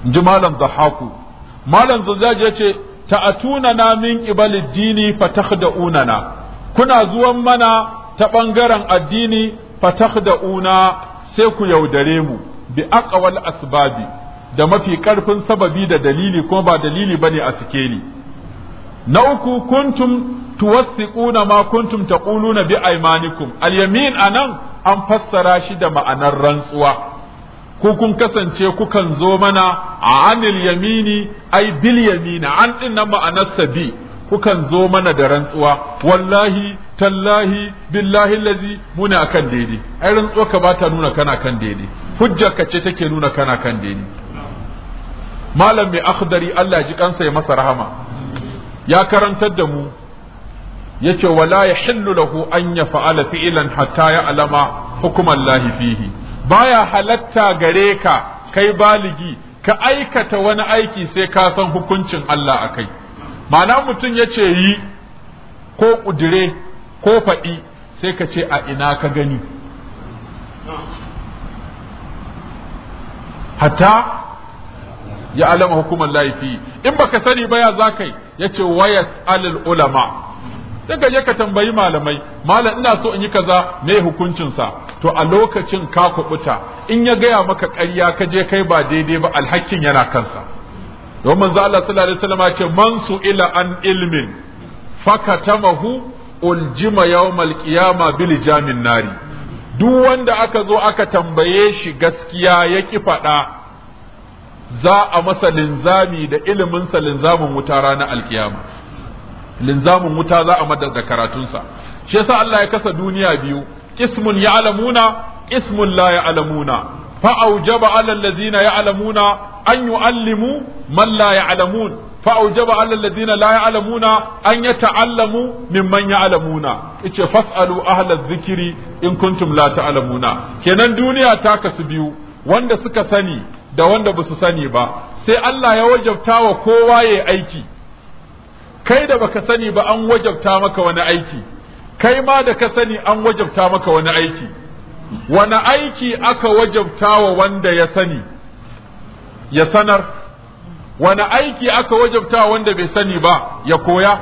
in ji malam zahaku malam zujaj ya ce ta'atuna na min qibalid dini unana kuna zuwan mana ta ɓangaren addini da una sai ku yaudare mu bi aqwal asbabi da mafi ƙarfin sababi da dalili kuma ba dalili ba ne a sikeli na uku kuntum tuwassiquna ma kuntum taquluna bi aymanikum al a nan an fassara shi da ma'anar rantsuwa ko kun kasance kukan zo mana a anil yamini ai bil yamina an din nan ma'anarsa bi kukan zo mana da rantsuwa wallahi tallahi billahi lazi muna akan daidai ai rantsuwa ka bata nuna kana kan daidai hujjar ka ce take nuna kana kan daidai malam mai akhdari Allah ji kansa ya masa rahama ya karantar da mu yace wala yahillu lahu an yaf'ala fi'lan hatta ya'lama hukman lahi fihi baya halatta gare ka kai baligi ka aikata wani aiki sai ka san hukuncin Allah a kai ma'ana mutum ya ce yi ko ƙudire ko faɗi sai ka ce a ina ka gani hatta ya alama hukumar laifi in baka sani ba ya za kai ya wayas alul ulama sai ka je ka tambayi malamai malam ina so in yi kaza me hukuncin sa to a lokacin ka kubuta in ya gaya maka ƙarya ka je kai ba daidai ba alhakin yana kansa don manzo Allah sallallahu alaihi wasallam ce man ila an ilmin fakatamahu uljima yawmal qiyama bil jamin nari duk wanda aka zo aka tambaye shi gaskiya ya ki faɗa za a masa linzami da ilimin sa linzamin wuta ranar alkiyama linzamin wuta za a madar da karatunsa shi yasa Allah ya kasa duniya biyu ismun alamuna, ismun la alamuna? fa aujaba 'ala allazina alamuna, an yu'allimu man la alamun. fa aujaba 'ala allazina la alamuna, an yata'allamu mimman ya'lamuna yace fas'alu ahla dhikri in kuntum la ta'lamuna kenan duniya ta kasu biyu wanda suka sani da wanda basu sani ba sai Allah ya wajabta wa kowa ya aiki kai da baka sani ba an wajabta maka wani aiki kai ma da ka sani an wajabta maka wani aiki wani aiki aka wajabta wa wanda ya sani ya sanar wani aiki aka wajabta wa wanda bai sani ba ya koya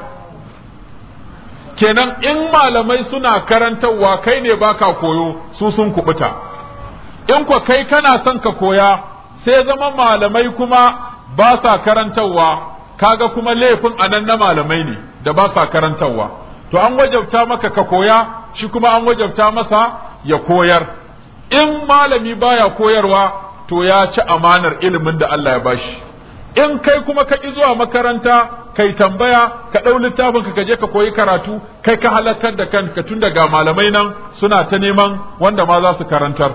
kenan in malamai suna karantarwa kai ne baka koyo su sun kubuta in kwa kai kana son ka koya sai zama malamai kuma ba sa karantarwa kaga kuma laifin anan na malamai ne da ba sa karantarwa to an wajabta maka ka koya shi kuma an wajabta masa ya koyar in malami baya koyarwa to ya ci amanar ilimin da Allah ya bashi in kai kuma ka ki zuwa makaranta kai tambaya ka ɗau littafin ka je ka koyi karatu kai ka halartar da kanka tun daga malamai nan suna ta neman wanda ma za su karantar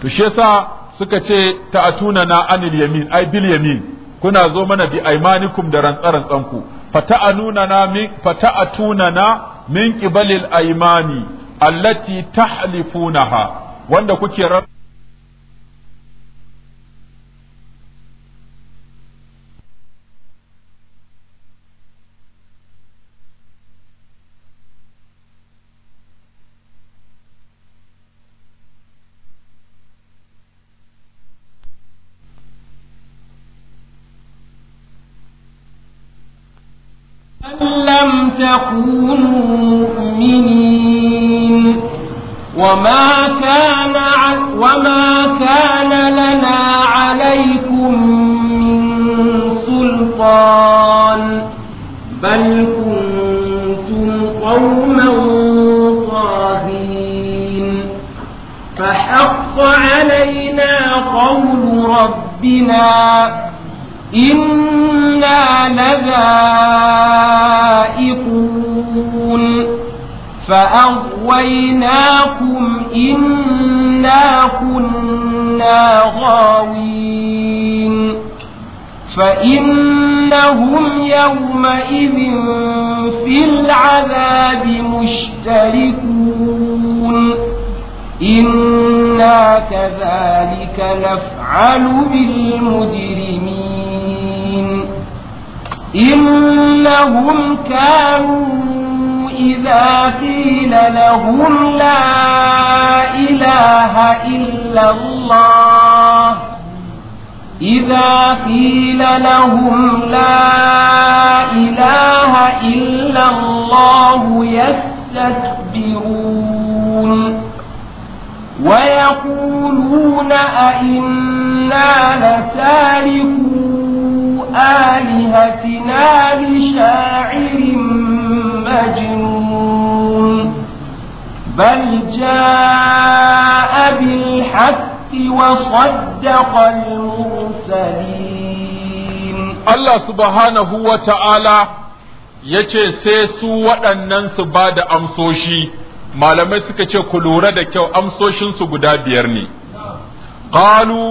to shi yasa suka ce ta atuna na anil yamin ai bil yamin kuna zo mana bi aimanikum da rantsarantsan ku fata min min kibalil aimani allati tahlifunaha wanda kuke تكونوا مؤمنين وما كان وما كان لنا عليكم من سلطان بل كنتم قوما طاغين فحق علينا قول ربنا إنا لذا غائطون فأغويناكم إنا كنا غاوين فإنهم يومئذ في العذاب مشتركون إنا كذلك نفعل بالمجرمين إنهم كانوا إذا قيل لهم لا إله إلا الله إذا قيل لهم لا إله إلا الله يستكبرون ويقولون أئنا لتاركون آلهتنا لشاعر مجنون بل جاء بالحق وصدق المرسلين الله سبحانه وتعالى yace sai su waɗannan su ba da amsoshi malamai suka ce ku lura da kyau amsoshinsu guda biyar ne ƙalu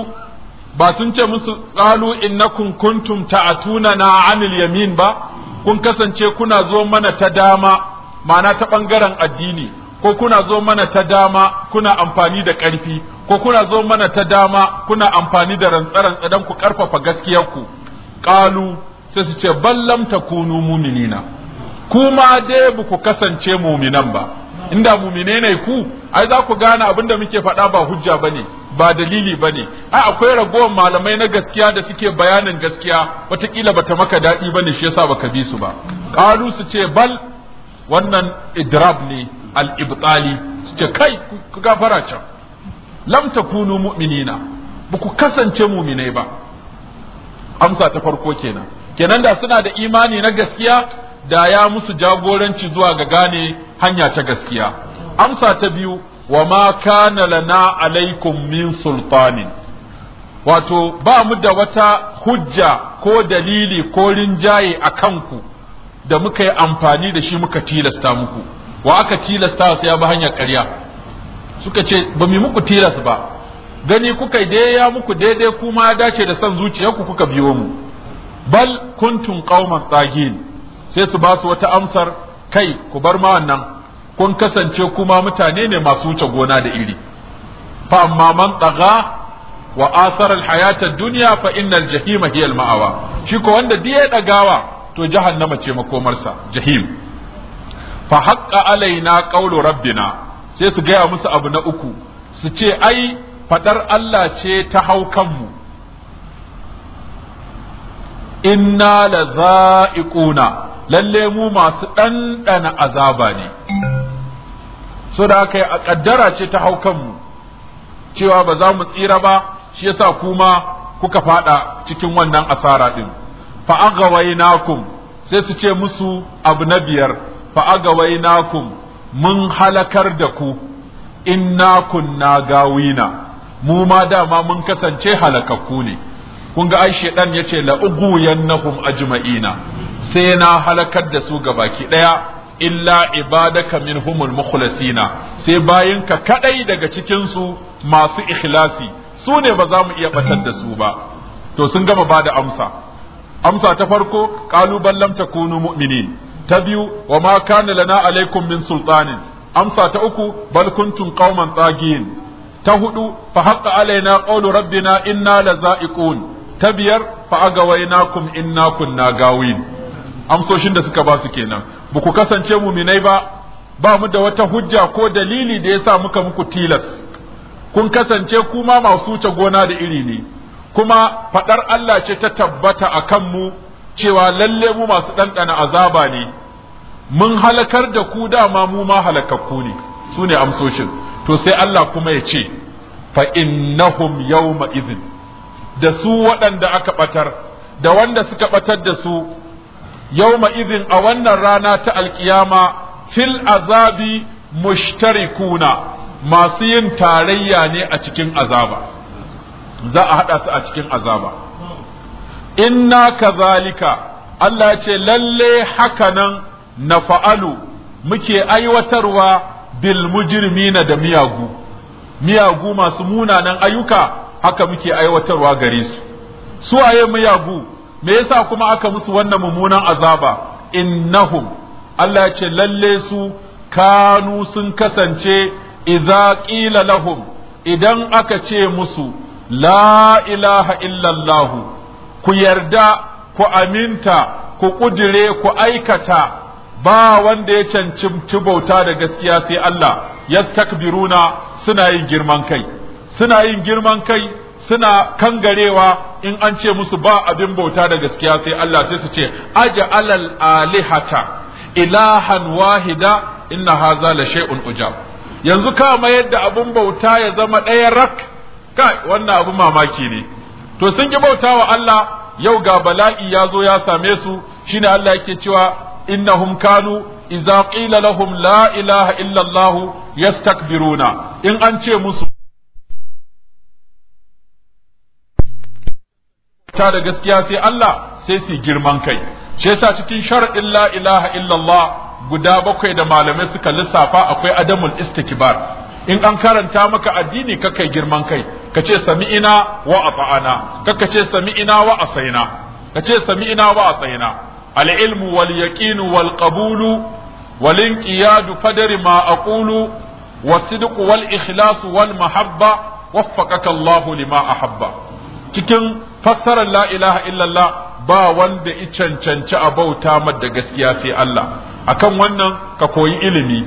ba sun ce musu qalu innakum kuntum ta'atuna na anil yamin ba kun kasance kuna zo mana ta dama ma'ana ta bangaren addini ko kuna zo mana ta dama kuna amfani da ƙarfi ko kuna zo mana ta dama kuna amfani da rantsarantsa don ku ƙarfafa gaskiyarku ƙalu sai su ce ballam ta kunu muminina kuma dai ba ku kasance muminan ba inda mumine ne ku ai za ku gane abin da muke faɗa ba hujja ba ne ba dalili ba ne ai akwai ragowar malamai na gaskiya da suke bayanin gaskiya watakila bata maka daɗi ba ne shi yasa baka bi su ba ƙaru su ce bal wannan idrab ne al-ibtali su ce kai ku gafara can lam takunu mu'minina ba ku kasance mu'minai ba amsa ta farko kenan kenan da suna da imani na gaskiya da ya musu jagoranci zuwa ga gane hanya ta gaskiya amsa ta biyu wa ma kana lana alaikum min sultanin wato ba mu da wata hujja ko dalili ko rinjaye a kanku da muka yi amfani da shi muka tilasta muku wa aka tilasta su ya bi hanyar ƙarya suka ce ba mu muku tilas ba gani kuka dai ya muku daidai kuma ya dace da son ku kuka biyo mu bal kuntum qauman tsagin sai su ba su wata amsar kai ku bar ma wannan kun kasance kuma mutane ne masu wuce gona da iri fa amma man tsaga wa asar duniya fa innal jahima hiya ma'awa shi ko wanda diya dagawa to jahannama ce makomarsa jahim fa haqqa alaina qawlu rabbina sai su gaya musu abu na uku su ce ai fadar Allah ce ta hau kanmu inna la za'iquna lalle mu masu ɗanɗana azaba ne so da haka a kaddara ce ta hau kanmu cewa ba za mu tsira ba shi yasa kuma kuka fada cikin wannan asara din fa agawainakum sai su ce musu abu na biyar fa agawainakum mun halakar da ku inna kunna gawina mu ma dama mun kasance halakakku ne kun ga ai shedan yace la uguyannahum ajma'ina sai na halakar da su gabaki daya illa ibadaka minhumul mukhlasina sai bayinka kadai daga cikin su masu ikhlasi su ne ba za mu iya batar da su ba to sun gama bada amsa amsa ta farko qalu lam takunu mu'minin ta biyu wa ma kana lana alaikum min sultanin amsa ta uku bal kuntum qauman tsagiyin ta hudu fa haqqa alaina qawlu rabbina inna laza'iqun ta biyar fa agawainakum inna kunna gawin amsoshin da suka ba su kenan ba ku kasance muminai ba ba mu da wata hujja ko dalili da ya sa muka muku tilas kun kasance kuma masu wuce gona da iri ne kuma fadar Allah ce ta tabbata a kanmu cewa lalle mu masu ɗanɗana azaba ne mun halakar da ku dama mu ma halakakku ne su ne amsoshin to sai Allah kuma ya ce fa innahum yawma idhin da su waɗanda aka ɓatar da wanda suka ɓatar da su yawma idin a wannan rana ta alkiyama fil azabi mushtarikuna masu yin tarayya ne a cikin azaba za a haɗa su a cikin azaba inna kazalika Allah ce lalle nan na fa'alu muke aiwatarwa bil na da miyagu miyagu masu munanan ayyuka haka muke aiwatarwa gare su su aye miyagu me yasa kuma aka musu wannan mummunan azaba innahum Allah ya ce lalle su kanu sun kasance idza qila lahum idan aka ce musu la ilaha illallah ku yarda ku aminta ku kudire ku aikata ba wanda ya cancanci bauta da gaskiya sai Allah yastakbiruna suna yin girman kai suna yin girman kai suna kangarewa in an ce musu ba abin bauta da gaskiya sai Allah sai su ce alal alihata ilahan wahida inna haza la shay'un ujab yanzu ka yadda da abin bauta ya zama ɗaya rak kai wannan abu mamaki ne to sun ki bauta wa Allah yau ga bala'i ya zo ya same su shine Allah yake cewa innahum kanu idza qila lahum la ilaha illa Allah yastakbiruna in an ce musu ta da gaskiya sai Allah sai su girman kai shi yasa cikin shar'in la ilaha illallah guda bakwai da malamai suka lissafa akwai adamul istikbar in an karanta maka addini ka kai girman kai ka ce sami'ina wa ata'ana ka ce sami'ina wa asaina ka ce sami'ina wa asaina al wal yaqin wal qabulu wal inqiyadu ma aqulu والصدق والإخلاص والمحبة وفقك الله لما أحب cikin fassarar la ilaha illallah ba wanda i cancanci a bauta da gaskiya sai Allah akan wannan ka koyi ilimi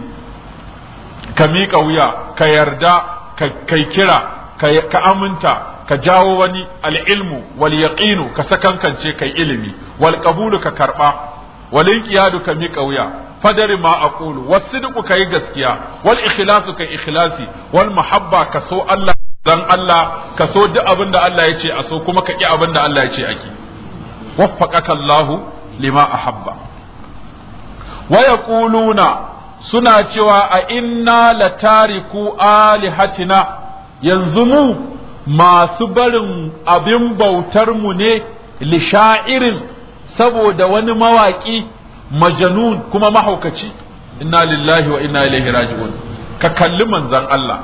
ka miƙa wuya ka yarda ka kira ka aminta ka jawo wani al'ilmu wal yaqinu ka sakankance kai ilimi wal ka karɓa. wal inqiyadu ka miƙa wuya fadari ma aqulu wasidiku sidqu kai gaskiya wal ikhlasu kai ikhlasi wal mahabba ka so Allah dan Allah ka so duk abin da Allah yace ce a so kuma ka ƙi abin da Allah ya ce a waffaqaka Allahu lima ahabba wa yaquluna suna cewa a inna latariku alihatina yanzu mu masu barin abin bautar mu ne li sha'irin saboda wani mawaki majanun kuma mahaukaci inna lillahi wa inna ilaihi raji'un ka kalli manzon Allah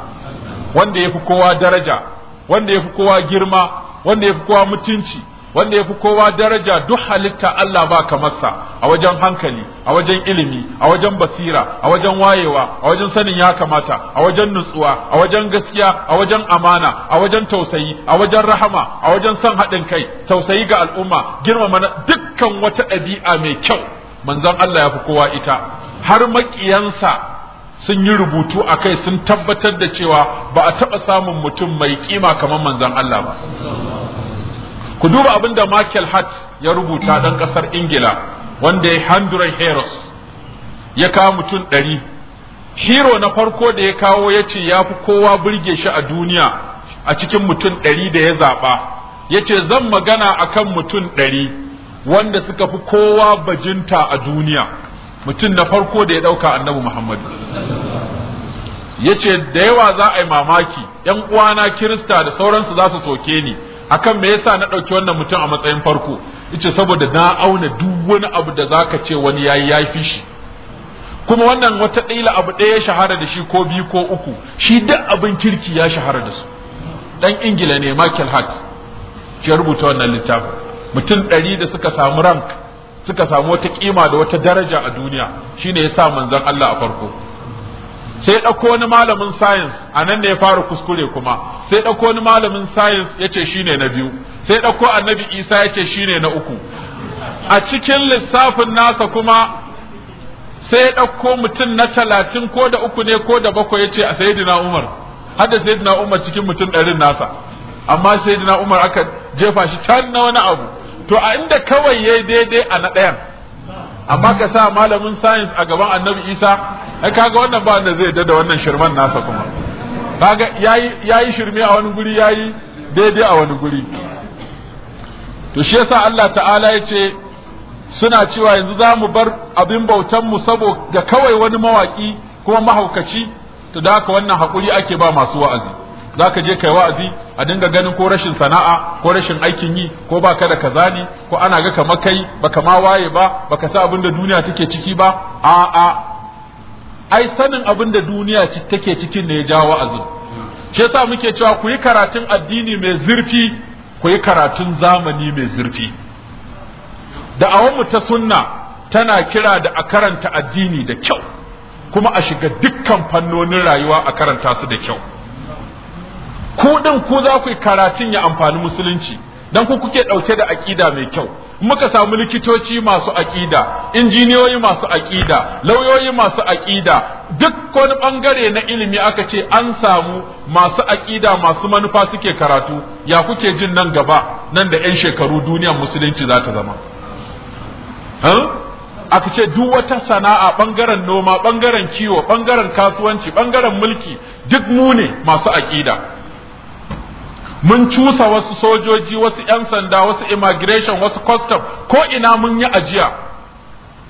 wanda ya fi kowa daraja wanda ya fi kowa girma wanda ya fi kowa mutunci wanda ya fi kowa daraja duk halitta Allah ba kamarsa a wajen hankali a wajen ilimi a wajen basira a wajen wayewa a wajen sanin ya kamata a wajen nutsuwa a wajen gaskiya a wajen amana a wajen tausayi a wajen rahama a wajen son haɗin kai tausayi ga al'umma girma mana dukkan wata ɗabi'a mai kyau manzon Allah ya fi kowa ita har maƙiyansa sun yi rubutu a kai sun tabbatar da cewa ba a taɓa samun mutum mai kima kamar manzan Allah ba ku duba abin da Michael Hart ya rubuta ɗan ƙasar Ingila wanda ya Handuran Heros ya kawo mutum ɗari hero na farko da ya kawo ya ce ya fi kowa burge shi a duniya a cikin mutum ɗari da ya zaɓa ya ce zan magana a kan mutum ɗari wanda suka fi kowa bajinta a duniya mutum na farko da ya ɗauka annabi muhammadu ya ce da yawa za a yi mamaki ‘yan uwana kirista da sauransu za su soke ni akan me yasa na ɗauki wannan mutum a matsayin farko ce saboda na auna duk wani abu da zaka ce wani yayi ya fi shi kuma wannan wata ɗila abu ɗaya ya shahara da shi ko biyu ko uku shi duk abin kirki ya shahara da su ɗan ingila ne michael hart ya rubuta wannan littafin mutum ɗari da suka samu rank suka samu wata kima da wata daraja a duniya shine ya sa manzon Allah a farko sai ɗauko wani malamin science a nan ne ya fara kuskure kuma sai ɗauko wani malamin science ya ce shine na biyu sai ɗauko annabi isa yace ce shine na uku a cikin lissafin nasa kuma sai ɗauko mutum na talatin ko da uku ne ko da bakwai ya a sayidina umar har da umar cikin mutum ɗarin nasa amma sayidina umar aka jefa shi can na wani abu to a inda kawai yayi daidai a na ɗayan amma ka sa malamin science a gaban annabi isa ai kaga wannan ba wanda zai dada wannan shirman nasa kuma kaga yayi yayi shirme a wani guri yayi daidai a wani guri to shi yasa Allah ta'ala ya ce suna cewa yanzu za mu bar abin bautan mu saboda kawai wani mawaki kuma mahaukaci to da haka wannan hakuri ake ba masu wa'azi za ka je kai wa'azi a dinga ganin ko rashin sana'a ko rashin aikin yi ko baka da kaza ne ko ana ga kamar kai baka ma waye ba baka sa abin da duniya take ciki ba a a ai sanin abin da duniya take cikin ne ya ja wa'azi shi yasa muke cewa ku yi karatun addini mai zurfi ku yi karatun zamani mai zurfi da'awanmu ta sunna tana kira da a karanta addini da kyau kuma a shiga dukkan fannonin rayuwa a karanta su da kyau ku din ku za ku karatun ya amfani musulunci dan ku kuke ɗauke da aƙida mai kyau muka samu likitoci masu aƙida injiniyoyi masu aƙida lauyoyi masu aƙida duk wani bangare na ilimi aka ce an samu masu aƙida masu manufa suke karatu ya kuke jin nan gaba nan da yan shekaru duniyar musulunci za ta zama aka ce duk wata sana'a ɓangaren noma ɓangaren kiwo ɓangaren kasuwanci ɓangaren mulki duk mu ne masu aƙida. mun cusa wasu sojoji wasu 'yan sanda wasu immigration wasu custom ko ina mun yi ajiya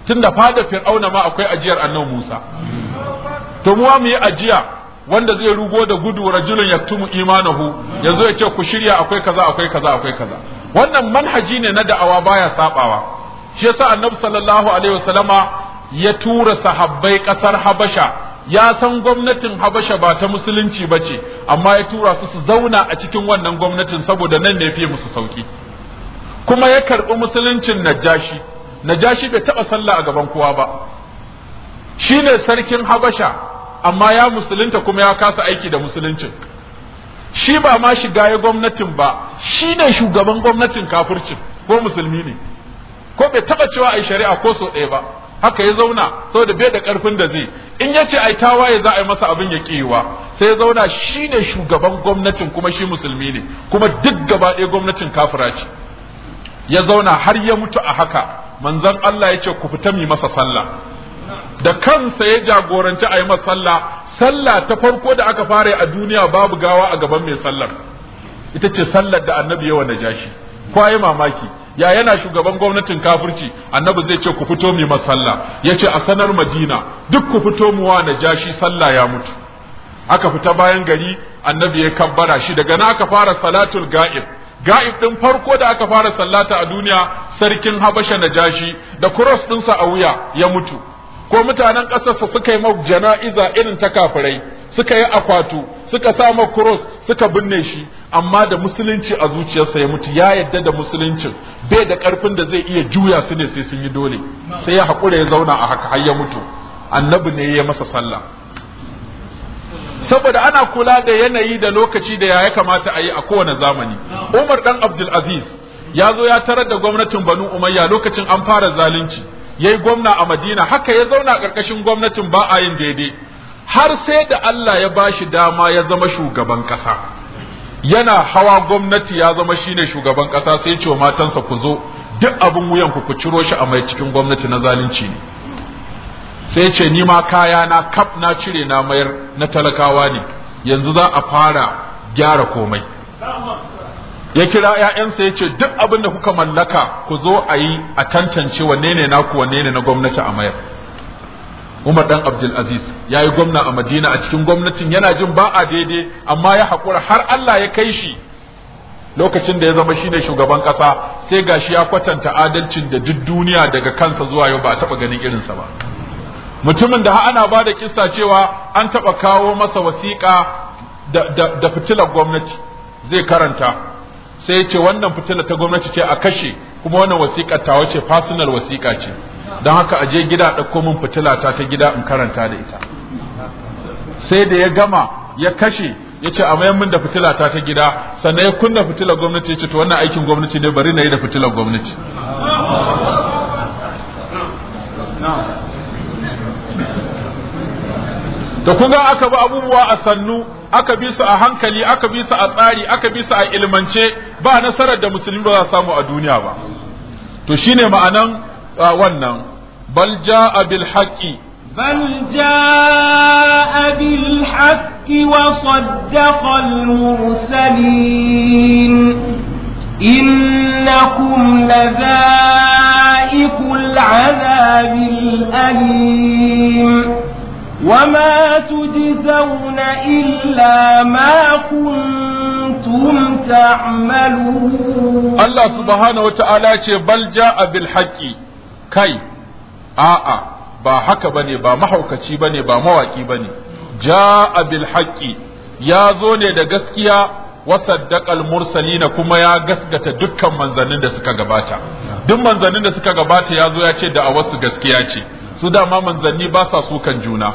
tunda fada fir'auna ma akwai ajiyar annabi Musa to mu mu yi ajiya wanda zai rugo da gudu rajulun yatumu imanahu yazo ya ce ku shirya akwai kaza akwai kaza akwai kaza wannan manhaji ne na da'awa baya sabawa shi yasa annabi sallallahu alaihi wasallama ya tura sahabbai kasar habasha ya san gwamnatin habasha ba ta musulunci ba ce amma ya tura su su zauna a cikin wannan gwamnatin saboda nan ne fiye musu sauki kuma ya karɓi musuluncin najashi najashi bai taɓa sallah a gaban kowa ba shi ne sarkin habasha amma ya musulunta kuma ya kasa aiki da musuluncin shi ba ma shiga ya gwamnatin ba shi ne shugaban gwamnatin kafircin ko musulmi ne ko bai taɓa cewa a shari'a ko so ɗaya ba haka ya zauna saboda bai da karfin da zai in ya ce ai tawaye za a yi masa abin ya kiwa sai ya zauna shi ne shugaban gwamnatin kuma shi musulmi ne kuma duk gaba ɗaya gwamnatin kafira ce ya zauna har ya mutu a haka manzon Allah ya ce ku fita mi masa sallah da kansa ya jagoranci a yi masa sallah sallah ta farko da aka fara a duniya babu gawa a gaban mai sallar ita ce sallar da annabi yawa najashi kwaye mamaki ya yana shugaban gwamnatin kafirci annabi zai ce ku fito mu masalla yace a sanar madina duk ku fito mu wa najashi sallah ya mutu aka fita bayan gari annabi ya kabbara shi daga nan aka fara salatul ga'ib ga'ib din farko da aka fara sallata a duniya sarkin habasha najashi da cross dinsa a wuya ya mutu ko mutanen ƙasarsa suka yi ma jana'iza irin ta kafirai suka yi akwatu suka sa ma cross suka binne shi amma da musulunci a zuciyarsa ya mutu ya yadda da musuluncin bai da ƙarfin da zai iya juya su ne sai sun yi dole sai ya haƙura ya zauna a haka har ya mutu annabi ne ya masa sallah saboda ana kula da yanayi da lokaci da ya kamata a yi a kowane zamani umar dan abdul aziz ya zo ya tarar da gwamnatin banu umayya lokacin an fara zalunci yayi gwamna a Madina haka ya zauna ƙarƙashin gwamnatin ba a yin daidai har sai da Allah ya bashi dama ya zama shugaban ƙasa. yana hawa gwamnati ya zama shine shugaban ƙasa sai ce wa matansa ku zo duk abin wuyan ku ku ciro shi a mai cikin gwamnati na zalunci ne sai ce ni ma kaya na kaf na cire na mayar na talakawa ne yanzu za a fara gyara komai ya kira ‘ya'yansa ya ce duk abin da kuka mallaka ku zo a yi a tantance wanne ne naku wanne ne na gwamnati a mayar Umar dan Abdulaziz ya yi gwamna a Madina a cikin gwamnatin yana jin ba a daidai amma ya haƙura har Allah ya kai shi lokacin da ya zama shine shugaban ƙasa sai gashi ya kwatanta adalcin da duk duniya daga kansa zuwa yau ba a taɓa ganin irinsa ba mutumin da ana ba da kissa cewa an taɓa kawo masa wasiƙa da fitilar gwamnati zai karanta sai ya ce wannan fitila ta gwamnati ce a kashe kuma wannan wasiƙa ta wace fasinal wasiƙa ce don haka a je gida ɗauko min fitila ta ta gida in karanta da ita sai da ya gama ya kashe ya ce a mayan min da fitila ta ta gida sannan ya kunna fitilar gwamnati ya ce to wannan aikin gwamnati ne bari na yi da fitilar gwamnati da kun ga aka bi abubuwa a sannu aka bi su a hankali aka bi su a tsari aka bi su a ilmance ba nasarar da musulmi ba za samu a duniya ba to shine ma'anan wannan bal ja'a bil haqqi بل جاء بالحق وصدق المرسلين إنكم لذائق العذاب alim. وما تجزون إلا ما كنتم تعملون الله سبحانه وتعالى بل جاء بالحق كي آآ ba haka bane ba mahaukaci bane ba mawaki bane Ja bil haqqi ya zo ne da gaskiya wa saddaqal mursalina kuma ya gaskata dukkan manzannin da suka gabata duk manzannin da suka gabata ya zo ya ce da a wasu gaskiya ce su dama manzanni ba sa sukan juna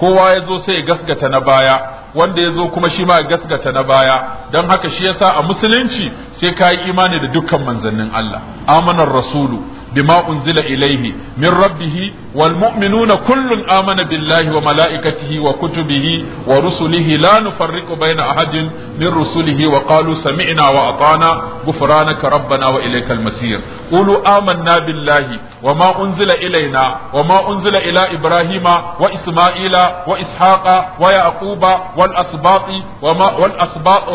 kowa ya zo sai ya gasgata na baya wanda ya zo kuma shi ma ya gasgata na baya don haka shi yasa a musulunci sai ka yi imani da dukkan manzannin Allah amanar rasulu bima unzila ilaihi min rabbih wal mu'minuna kullun amana billahi wa malaikatihi wa kutubihi wa rusulihi la nufarriqu baina ahadin min rusulihi wa qalu sami'na wa ata'na ghufranaka rabbana wa ilaykal masir Kulu amanna billahi wa ma unzila ilaina wa ma unzila ila ibrahima wa isma'ila wa ishaqa wa yaquba wal asbati wa ma wal asbat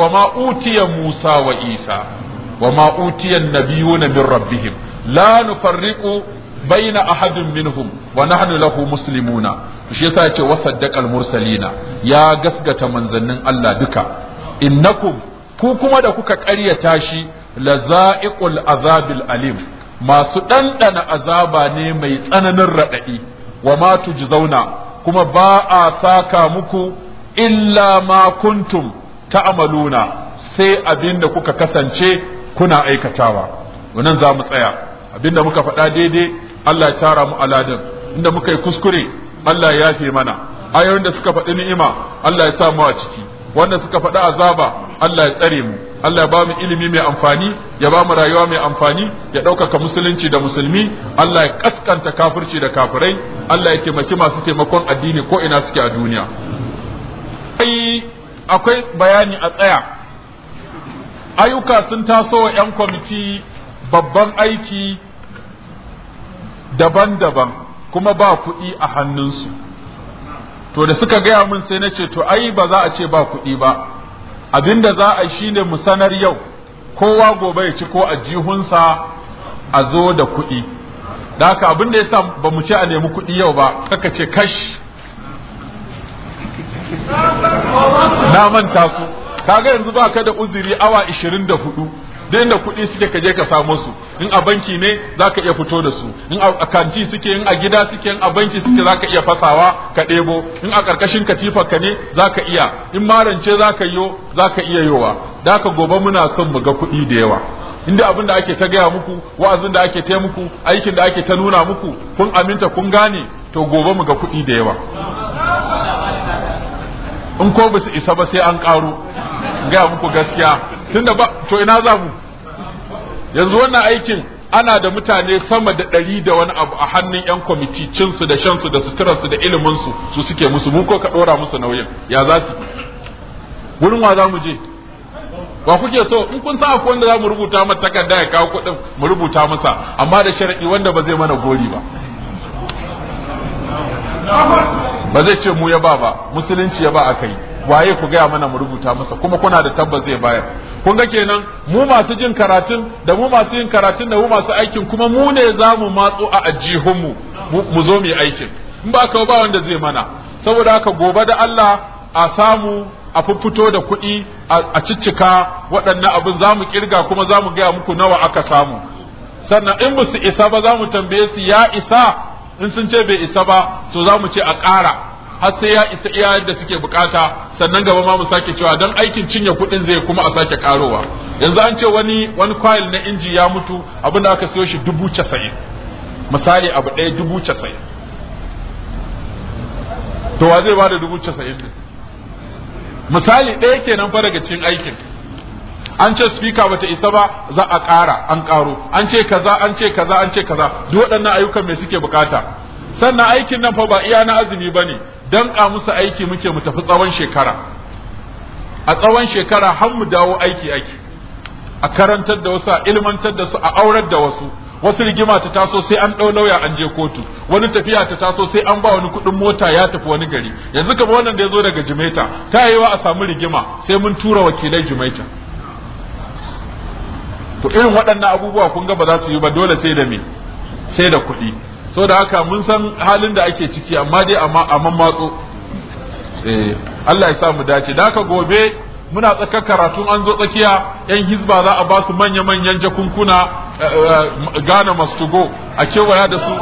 musa wa isa wa ma utiyan na min rabbihim la nufarriqu baina ahadin minhum wa nahnu lahu muslimuna shi yasa ce wa saddaqal mursalina ya gasgata manzannin Allah duka innakum ku kuma da kuka ƙaryata shi lazaiqul azabil alim masu ɗanɗana azaba ne mai tsananin raɗaɗi wa ma tujzauna kuma ba a saka muku illa ma kuntum ta'maluna sai abinda kuka kasance kuna aikatawa wannan za mu tsaya abinda muka faɗa daidai Allah ya tara mu aladin inda muka yi kuskure Allah ya yafe mana ayoyin da suka faɗi ni'ima Allah ya sa mu a ciki wanda suka faɗi azaba Allah ya tsare mu Allah ya ba mu ilimi mai amfani ya ba mu rayuwa mai amfani ya ɗaukaka musulunci da musulmi Allah ya kaskanta kafirci da kafirai Allah ya taimaki masu taimakon addini ko ina suke a duniya akwai bayani a tsaya ayyuka sun taso wa 'yan kwamiti babban aiki daban-daban kuma ba kuɗi a hannunsu to da suka gaya mun sai na ce to ai ba za a ce ba kuɗi ba abinda za a shi ne mu sanar yau kowa gobe ya ci ko a jihunsa a zo da kuɗi da haka abinda ya sa ba mu ce a nemi kuɗi yau ba kaka ce kash na manta su kaga yanzu ba ka da uziri awa 24 duk da kuɗi suke ka je ka samo su in a banki ne za ka iya fito da su in a kanti suke in a gida suke in a banki suke za ka iya fasawa ka ɗebo in a ƙarƙashin katifa ka ne za ka iya in marance za ka yo za ka iya yowa daka gobe muna son mu ga kuɗi da yawa inda abin da ake ta gaya muku wa'azin da ake ta muku aikin da ake ta nuna muku kun aminta kun gane to gobe mu ga kuɗi da yawa in ko bisu isa ba sai an ƙaro gaya muku gaskiya tunda ba to ina za mu yanzu wannan aikin ana da mutane sama da ɗari da wani abu a hannun 'yan kwamiti cinsu da shansu da suturarsu da iliminsu su suke musu mu ko ka ɗora musu nauyin ya za su wurin wa za mu je ba kuke so in kun sa akwai wanda za mu rubuta masa takarda ya kawo kuɗin mu rubuta masa amma da sharaɗi wanda ba zai mana gori ba ba zai ce mu ya ba ba musulunci ya ba a kai waye ku gaya mana mu rubuta masa kuma kuna da tabbas zai bayar kun ga kenan mu masu jin karatun da mu masu yin karatun da mu masu aikin kuma mu ne za mu matso a ajihunmu mu zo mu yi aikin in ba ka ba wanda zai mana saboda haka gobe da Allah a samu a fito da kuɗi a ciccika waɗannan abin za mu kirga kuma za mu gaya muku nawa aka samu sannan in ba su isa ba za mu tambaye su ya isa in sun ce bai isa ba to za mu ce a ƙara har sai ya isa iya yadda suke bukata sannan gaba ma mu sake cewa dan aikin cinye kuɗin zai kuma a sake karowa yanzu an ce wani wani kwayil na inji ya mutu abin da aka siyo shi dubu casa'in misali abu ɗaya dubu casa'in to wa zai bada dubu casa'in ne misali ɗaya kenan fa daga cikin aikin an ce speaker bata isa ba za a ƙara an ƙaro an ce kaza an ce kaza an ce kaza duk waɗannan ayyukan me suke bukata sannan aikin nan fa ba iya na azumi ba bane ka musu aiki muke mu tafi tsawon shekara a tsawon shekara har mu dawo aiki aiki a karantar da wasu a ilmantar da su a aurar da wasu wasu rigima ta taso sai an ɗau lauya an je kotu wani tafiya ta taso sai an ba wani kuɗin mota ya tafi wani gari yanzu kama wannan da ya zo daga jimaita ta yiwa a samu rigima sai mun tura wakilai jimaita to irin waɗannan abubuwa kun ga ba za su yi ba dole sai da me sai da kuɗi so da haka mun san halin da ake ciki amma dai a matso eh Allah ya sa mu dace da haka gobe muna tsakar karatun an zo tsakiya yan hizba za a ba su manya-manyan jakunkuna eh, eh, gane masu a kewaya da su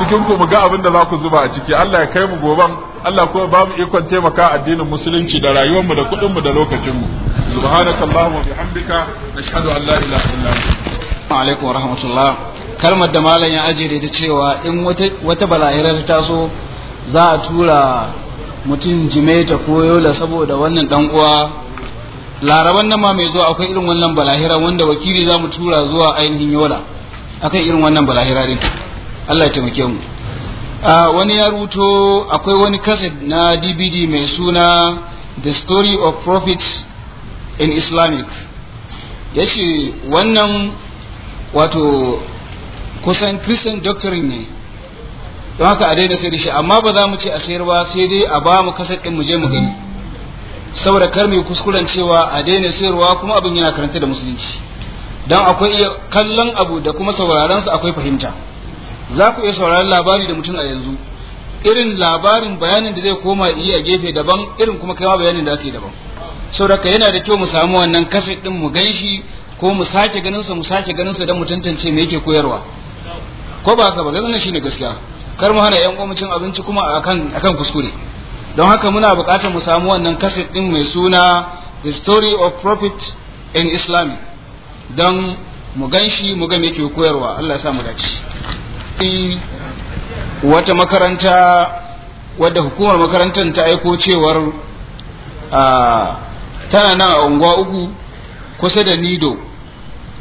cikin ku mu ga abin da za ku zuba a ciki Allah ya kai mu goban Allah kuma ba mu ikon taimaka addinin musulunci da rayuwar mu da kuɗin mu da lokacin mu subhanakallahumma wa bihamdika nashhadu an la ilaha illa anta alaikum wa rahmatullah kalmar da malam ya ajire ta cewa in wata wata bala'irar ta so za a tura mutum jimeta ko yola saboda wannan dan uwa laraban nan ma mai zuwa akwai irin wannan balahira wanda wakili za mu tura zuwa ainihin yola akan irin wannan balahira din Allah ya taimake mu wani ya ruto akwai wani kaset na dvd mai suna the story of prophets in islamic ya ce wannan wato kusan christian doctrine ne don haka a daina sai da shi amma ba za mu ce a sayar ba sai dai a ba mu kaset ɗin mu je mu gani saboda kar mu kuskuren cewa a daina sayarwa kuma abin yana karanta da musulunci don akwai kallon abu da kuma sauraron su akwai fahimta za ku iya sauraron labari da mutum a yanzu irin labarin bayanin da zai koma yi a gefe daban irin kuma kaiwa bayanin da ake daban saboda yana da kyau mu samu wannan kasa din mu ganshi ko mu sake ganin sa mu sake ganin sa dan mu tantance me yake koyarwa ko ba haka ba ganin shi ne gaskiya kar mu hana yan gwamnatin abinci kuma akan akan kuskure don haka muna buƙatar mu samu wannan kaset din mai suna the story of prophet in islam don mu ganshi mu ga me yake koyarwa Allah ya sa mu dace wata makaranta wadda hukumar makarantar ta aiko cewar tana nan a unguwa uku kusa da nido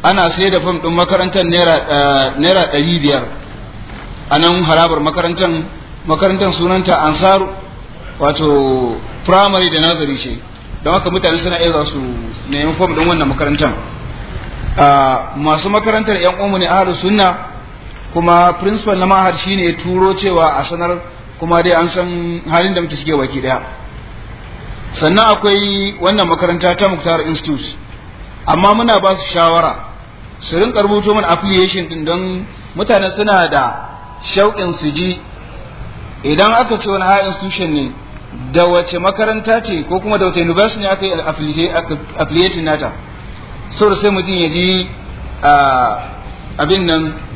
ana sai da fam ɗin makarantar naira ɗari biyar a nan harabar makarantar makarantar sunanta ansaru wato primary da nazari ce don haka mutane suna iya za su nemi fam ɗin wannan makarantar masu makarantar yan umarni a harin sunna kuma principal na mahar shine ya turo cewa a sanar kuma dai an san halin da muke shige waki daya sannan akwai wannan makaranta ta Muktar Institute amma muna ba su shawara su rinka rubuto mana affiliation din don mutane suna da shauƙin su ji idan aka ce wani high institution ne da wace makaranta ce ko kuma da wace university ne aka yi affiliation nata saboda sai mutum ya ji ah, abin nan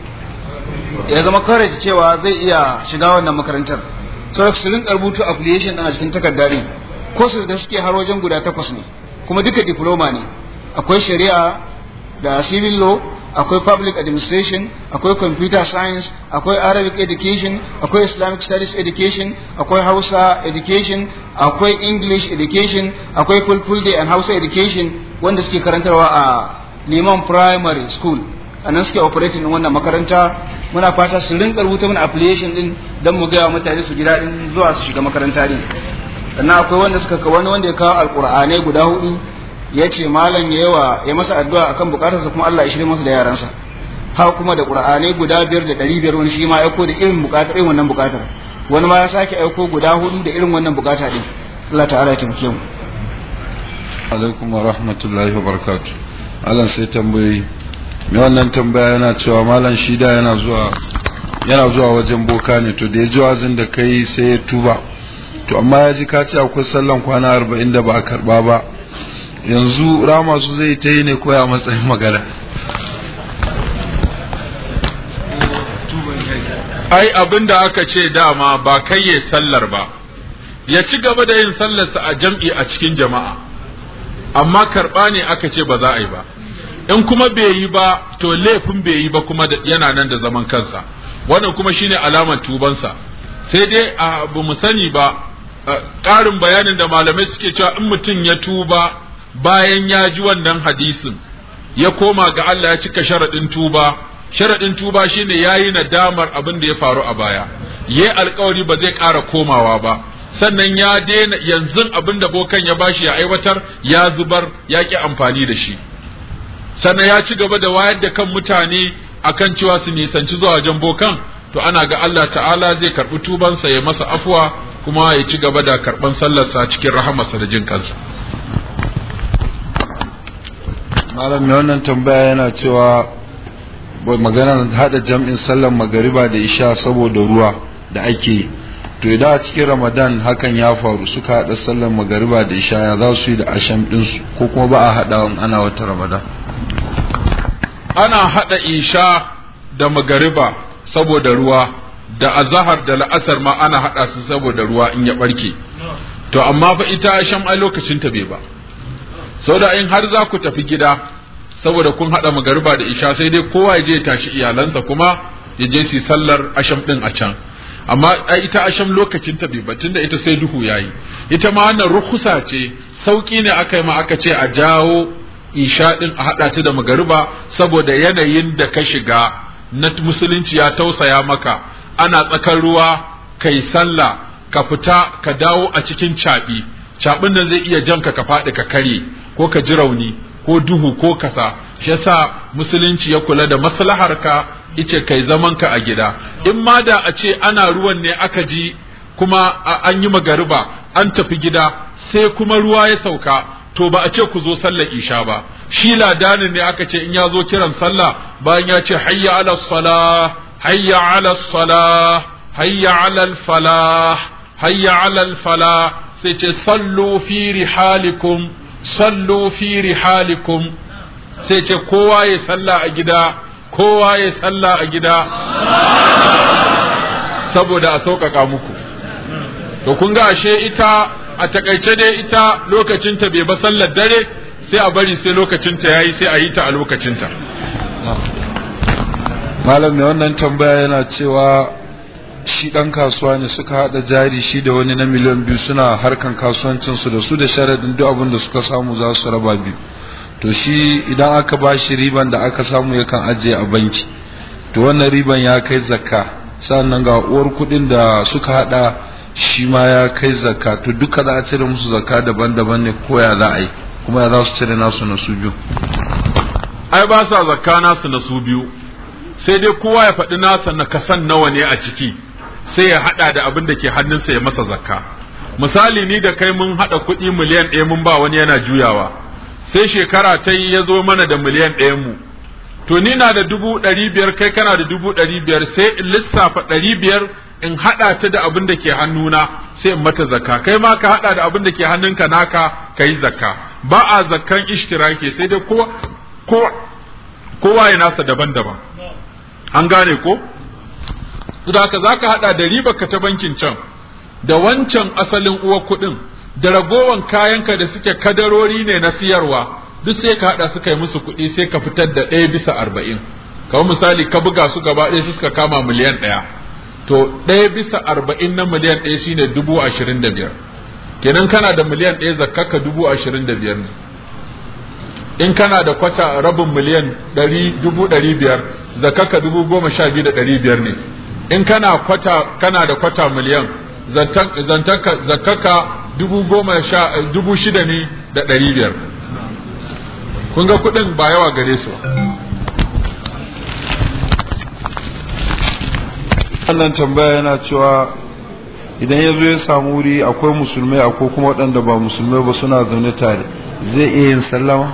ya zama courage cewa zai iya shiga wannan makarantar so su rinka rubutu din a cikin takardar ne courses da suke har wajen guda takwas ne kuma duka diploma ne akwai shari'a da civil law akwai public administration akwai computer science akwai arabic education akwai islamic studies education akwai hausa education akwai english education akwai de and hausa education wanda suke karantarwa a liman primary school a nan suke operating wannan makaranta muna fata su rinka rubuta mana application din don mu gaya mutane su gida din zuwa su shiga makaranta din sannan akwai wanda suka ka wani wanda ya kawo alƙur'anai guda hudu ya ce malam ya yawa ya masa addu'a akan bukatarsa kuma Allah ya shirya masa da yaransa ha kuma da ƙur'anai guda biyar da ɗari biyar wani shi ma aiko da irin bukatar irin wannan bukatar wani ma ya sake aiko guda hudu da irin wannan bukata din Allah ta'ala ya taimake mu alaikum wa rahmatullahi wa barakatuh Allah sai tambayi mai wannan tambaya yana cewa malam shida yana zuwa yana zuwa wajen boka ne to da ya ji wazin da kai sai ya tuba to amma ya ji kaci akwai sallan kwana arba'in da ba a karba ba yanzu rama su zai ta yi ne koya matsayin magana ai abin da aka ce dama ba kai ya sallar ba ya ci gaba da yin sallarsa a jam'i a cikin jama'a amma karɓa ne aka ce ba za a yi ba in kuma bai yi ba to laifin bai yi ba kuma yana nan da zaman kansa wannan kuma shine alamar tubansa sai dai a bu mu sani ba ƙarin bayanin da malamai suke cewa in mutum ya tuba bayan ya ji wannan hadisin ya koma ga Allah ya cika sharaɗin tuba sharaɗin tuba shine yayi nadamar abin da ya faru a baya yayi alƙawari ba zai ƙara komawa ba sannan ya daina yanzu abin da bokan ya bashi ya aiwatar ya zubar ya ki amfani da shi sannan ya ci gaba da wayar da kan mutane akan cewa su nisanci zuwa wajen bokan to ana ga Allah ta'ala zai karɓi tubansa ya masa afuwa kuma ya ci gaba da sallar sallarsa cikin rahamarsa da jin kansa malam mai wannan tambaya yana cewa maganar hada jam'in sallar magariba da isha saboda ruwa da ake to idan a cikin ramadan hakan ya faru suka hada sallar magariba da isha ya za su yi da asham ɗinsu ko kuma ba a hada ana wata ramadan ana haɗa isha da magariba saboda ruwa da azahar da la'asar ma ana haɗa su saboda ruwa in ya ɓarke to amma fa ita sham ai lokacin ta bai ba saboda in har za ku tafi gida saboda kun haɗa magariba da isha sai dai kowa ya je tashi iyalansa kuma ya je su sallar asham ɗin a can amma ai ita asham lokacin ta bai ba tunda ita sai duhu yayi ita ma wannan rukusa ce sauki ne aka yi ma aka ce a jawo isha din a haɗa ta da magariba saboda yanayin da ka shiga na musulunci ya tausaya maka ana tsakar ruwa kai sallah ka fita ka dawo a cikin caɓi caɓin da zai iya janka ka faɗi ka karye ko ka ji rauni ko duhu ko kasa shi yasa musulunci ya kula da maslahar ka ice kai zaman ka a gida in ma da a ce ana ruwan ne aka ji kuma an yi magariba an tafi gida sai kuma ruwa ya sauka to ba a ce ku zo sallar isha ba shi ladanin ne aka ce in ya zo kiran sallah bayan ya ce hayya ala salah hayya ala salah hayya ala falah hayya ala falah sai ce sallu fi rihalikum sallu fi rihalikum sai ce kowa ya sallah a gida kowa ya sallah a gida saboda a sauƙaƙa muku to kun ga ashe ita a takaice dai ita lokacinta bai ba sallar dare sai a bari sai lokacinta yayi sai a yi ta a lokacinta malam mai wannan tambaya yana cewa shi dan kasuwa ne suka hada jari shi da wani na miliyan biyu suna harkan kasuwancinsu da su da sharadin duk abin da suka samu za su raba biyu to shi idan aka ba shi riban da aka samu yakan ajiye a banki to wannan riban ya kai zakka sannan ga uwar kudin da suka hada shi ma ya kai zakka to duka za a cire musu zakka daban-daban ne koya za a yi kuma ya za su cire nasu na su biyu ai ba sa zakka nasu na su biyu sai dai kowa ya faɗi nasa na kasan nawa ne a ciki sai ya haɗa da abin da ke hannunsa ya masa zakka misali ni da kai mun haɗa kuɗi miliyan ɗaya mun ba wani yana juyawa sai shekara ta yi ya zo mana da miliyan ɗaya mu to ni na da dubu ɗari biyar kai kana da dubu ɗari biyar sai in lissafa ɗari biyar in haɗa ta da abin da ke hannuna sai in mata zakka kai ma ka haɗa da abin da ke hannunka naka ka yi zakka ba a zakkan ishtiraki sai dai ko kowa ya nasa daban-daban an gane ko haka za ka haɗa da riba ka ta bankin can da wancan asalin uwa kuɗin da ragowan kayanka da suke kadarori ne na siyarwa duk sai ka haɗa suka yi musu kuɗi sai ka fitar da ɗaya bisa arba'in kamar misali ka buga su gaba ɗaya suka kama miliyan ɗaya to ɗaya bisa arba'in na miliyan ɗaya shine dubu ashirin da biyar kenan kana da miliyan ɗaya zakaka dubu ashirin da biyar ne in kana da kwata rabin miliyan ɗari dubu ɗari biyar zakaka dubu goma sha biyu da ɗari biyar ne in kana kwata kana da kwata miliyan zantaka zakaka dubu goma sha dubu shida ne da ɗari biyar kun ga kuɗin ba yawa gare su wannan tambaya yana cewa idan ya zo ya samu wuri akwai musulmai akwai kuma waɗanda ba musulmai ba suna zaune tare zai iya yin sallama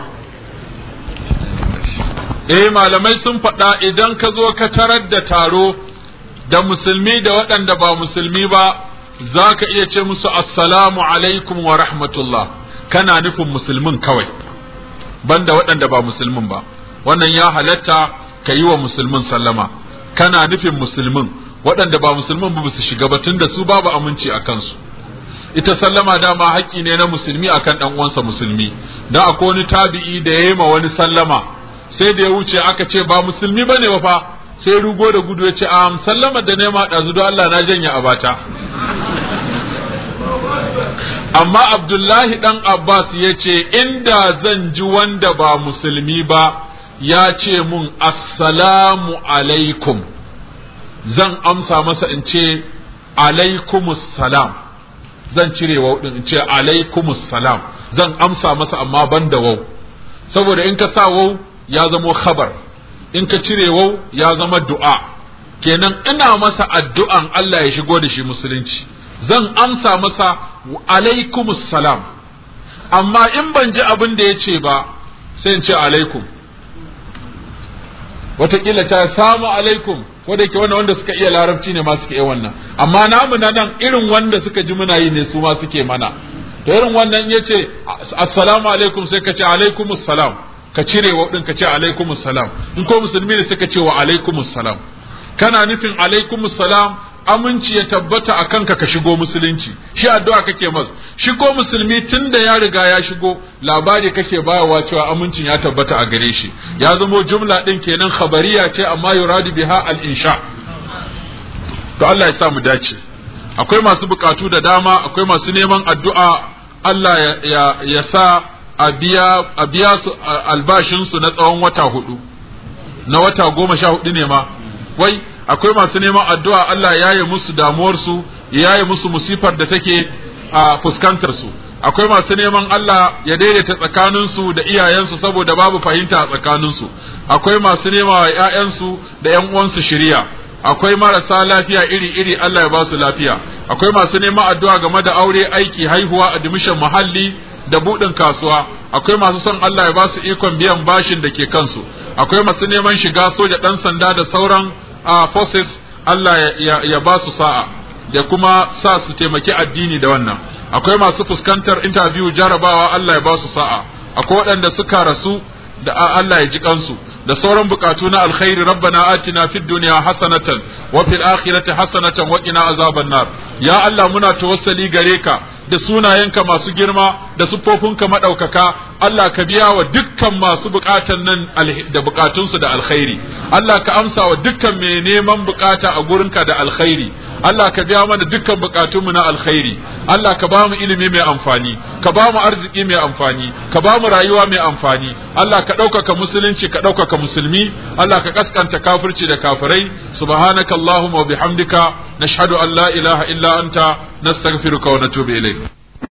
eh malamai sun faɗa idan ka zo ka tarar da taro da musulmi da waɗanda ba musulmi ba za ka iya ce musu assalamu alaikum wa rahmatullah kana nufin musulmin kawai banda waɗanda ba musulmin ba wannan ya halatta ka yi wa musulmin sallama kana nufin musulmin waɗanda ba musulman ba su shiga batun da su babu aminci a kansu ita sallama dama haƙƙi ne na musulmi akan ɗan uwansa musulmi Na akwai wani tabi'i da ya yi ma wani sallama sai da ya wuce aka ce ba musulmi ba ne ba fa sai rugo da gudu ya ce a sallama da nema da don Allah na janya a bata amma abdullahi ɗan abbas ya ce inda zan ji wanda ba musulmi ba ya ce mun assalamu alaikum zan amsa masa in ce alaikumus salam zan cire wau din in ce alaikumus salam zan amsa masa amma ban da wau saboda in ka sa wau ya zama khabar in ka cire wau ya zama du'a kenan ina masa addu'an Allah ya shigo da shi musulunci zan amsa masa alaikumus salam amma in ban ji abin da ya ce ba sai in ce alaikum watakila ta samu alaikum ko da yake wannan wanda suka iya larabci ne ma suka iya wannan amma namu na nan irin wanda suka ji muna yi ne su ma suke mana to irin wannan ya ce assalamu alaikum sai ka ce alaikum assalam ka cire wa ka ce alaikum assalam in ko musulmi ne suka ce wa alaikum assalam kana nufin alaikum assalam aminci ya tabbata a kanka ka shigo musulunci shi addu'a kake masa shigo musulmi tun da ya riga ya shigo labari kake bayawa cewa amincin ya tabbata a gare shi ya zamo jumla din kenan khabariya ce amma yuradu biha al-insha to Allah ya sa mu dace akwai masu bukatu da dama akwai masu neman addu'a Allah ya, ya, sa a biya su albashinsu na tsawon wata hudu na wata goma sha hudu ne ma wai akwai masu neman addu'a Allah ya yi musu damuwarsu ya yi musu musifar da take a fuskantar su akwai masu neman Allah ya daidaita tsakaninsu da iyayensu saboda babu fahimta a tsakaninsu akwai masu nema wa ‘ya'yansu da ‘yan uwansu shirya akwai marasa lafiya iri-iri Allah ya ba su lafiya akwai masu neman addu'a game da aure aiki haihuwa admission muhalli da buɗin kasuwa akwai masu son Allah ya ba su ikon biyan bashin da ke kansu akwai masu neman shiga soja ɗan sanda da sauran forces Allah ya ba su sa'a da kuma sa su taimaki addini da wannan akwai masu fuskantar interview jarabawa Allah ya ba su sa'a akwai waɗanda suka rasu da Allah ya ji kansu da sauran bukatu na alkhairi rabbana atina fid dunya hasanatan wa fil akhirati hasanatan wa qina azaban nar ya Allah muna tawassali gare ka da sunayenka masu girma da siffofinka maɗaukaka Allah ka biya wa dukkan masu bukatan nan da bukatunsu da alkhairi Allah ka amsa wa dukkan mai neman bukata a gurinka da alkhairi Allah ka biya mana dukkan bukatunmu na alkhairi Allah ka bamu ilimi mai amfani ka bamu arziki mai amfani ka bamu rayuwa mai amfani Allah ka ɗaukaka musulunci ka ɗaukaka musulmi Allah ka kaskanta kafirci da kafirai subhanakallahumma wa bihamdika nashhadu an la ilaha illa anta na wa natubu